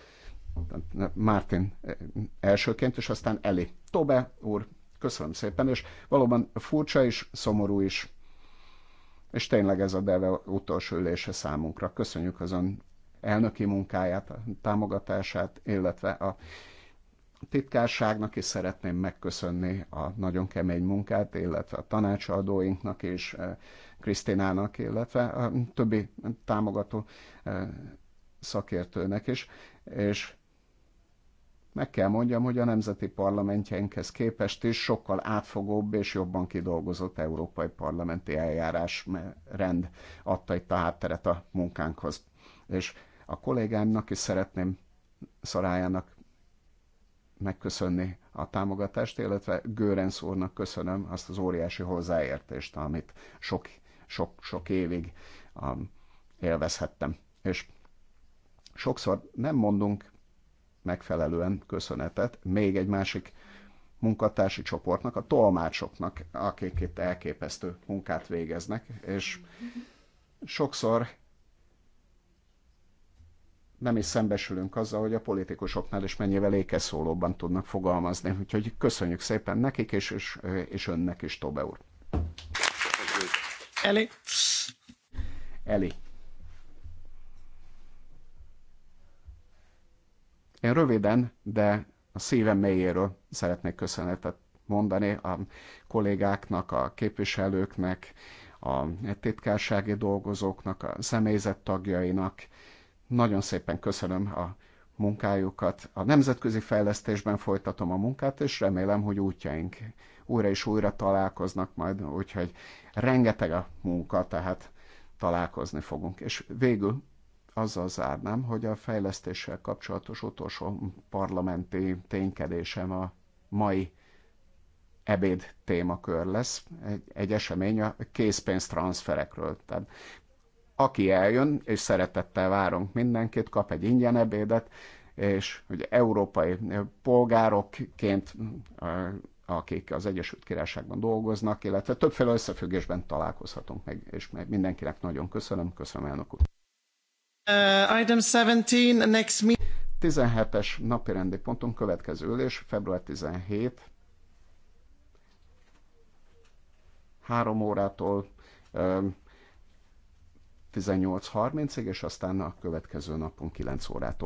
Mártin eh, elsőként, és aztán Eli. Tobe úr, köszönöm szépen, és valóban furcsa is, szomorú is és tényleg ez a deve utolsó ülése számunkra. Köszönjük az ön elnöki munkáját, a támogatását, illetve a titkárságnak is szeretném megköszönni a nagyon kemény munkát, illetve a tanácsadóinknak és eh, Krisztinának, illetve a többi támogató eh, szakértőnek is, és meg kell mondjam, hogy a nemzeti parlamentjeinkhez képest is sokkal átfogóbb és jobban kidolgozott európai parlamenti eljárás rend adta itt a hátteret a munkánkhoz. És a kollégámnak is szeretném Szarájának megköszönni a támogatást, illetve Gőrenc úrnak köszönöm azt az óriási hozzáértést, amit sok, sok, sok évig um, élvezhettem. És sokszor nem mondunk megfelelően köszönetet még egy másik munkatársi csoportnak, a tolmácsoknak, akik itt elképesztő munkát végeznek, és sokszor nem is szembesülünk azzal, hogy a politikusoknál is mennyivel ékeszólóban tudnak fogalmazni. Úgyhogy köszönjük szépen nekik, és, és, és önnek is, Tobe úr. Eli. Eli. Én röviden, de a szívem mélyéről szeretnék köszönetet mondani a kollégáknak, a képviselőknek, a titkársági dolgozóknak, a személyzet tagjainak. Nagyon szépen köszönöm a munkájukat. A nemzetközi fejlesztésben folytatom a munkát, és remélem, hogy útjaink újra és újra találkoznak majd, úgyhogy rengeteg a munka, tehát találkozni fogunk. És végül azzal zárnám, hogy a fejlesztéssel kapcsolatos utolsó parlamenti ténykedésem a mai ebéd témakör lesz, egy, egy esemény a készpénztranszferekről. Tehát aki eljön, és szeretettel várunk mindenkit, kap egy ingyen ebédet, és ugye európai polgárokként, akik az Egyesült Királyságban dolgoznak, illetve többféle összefüggésben találkozhatunk meg, és mindenkinek nagyon köszönöm, köszönöm elnök úr. Uh, item 17, next meeting. 17-es napirendi pontunk következő ülés, február 17, 3 órától 18.30-ig, um, és aztán a következő napon 9 órától.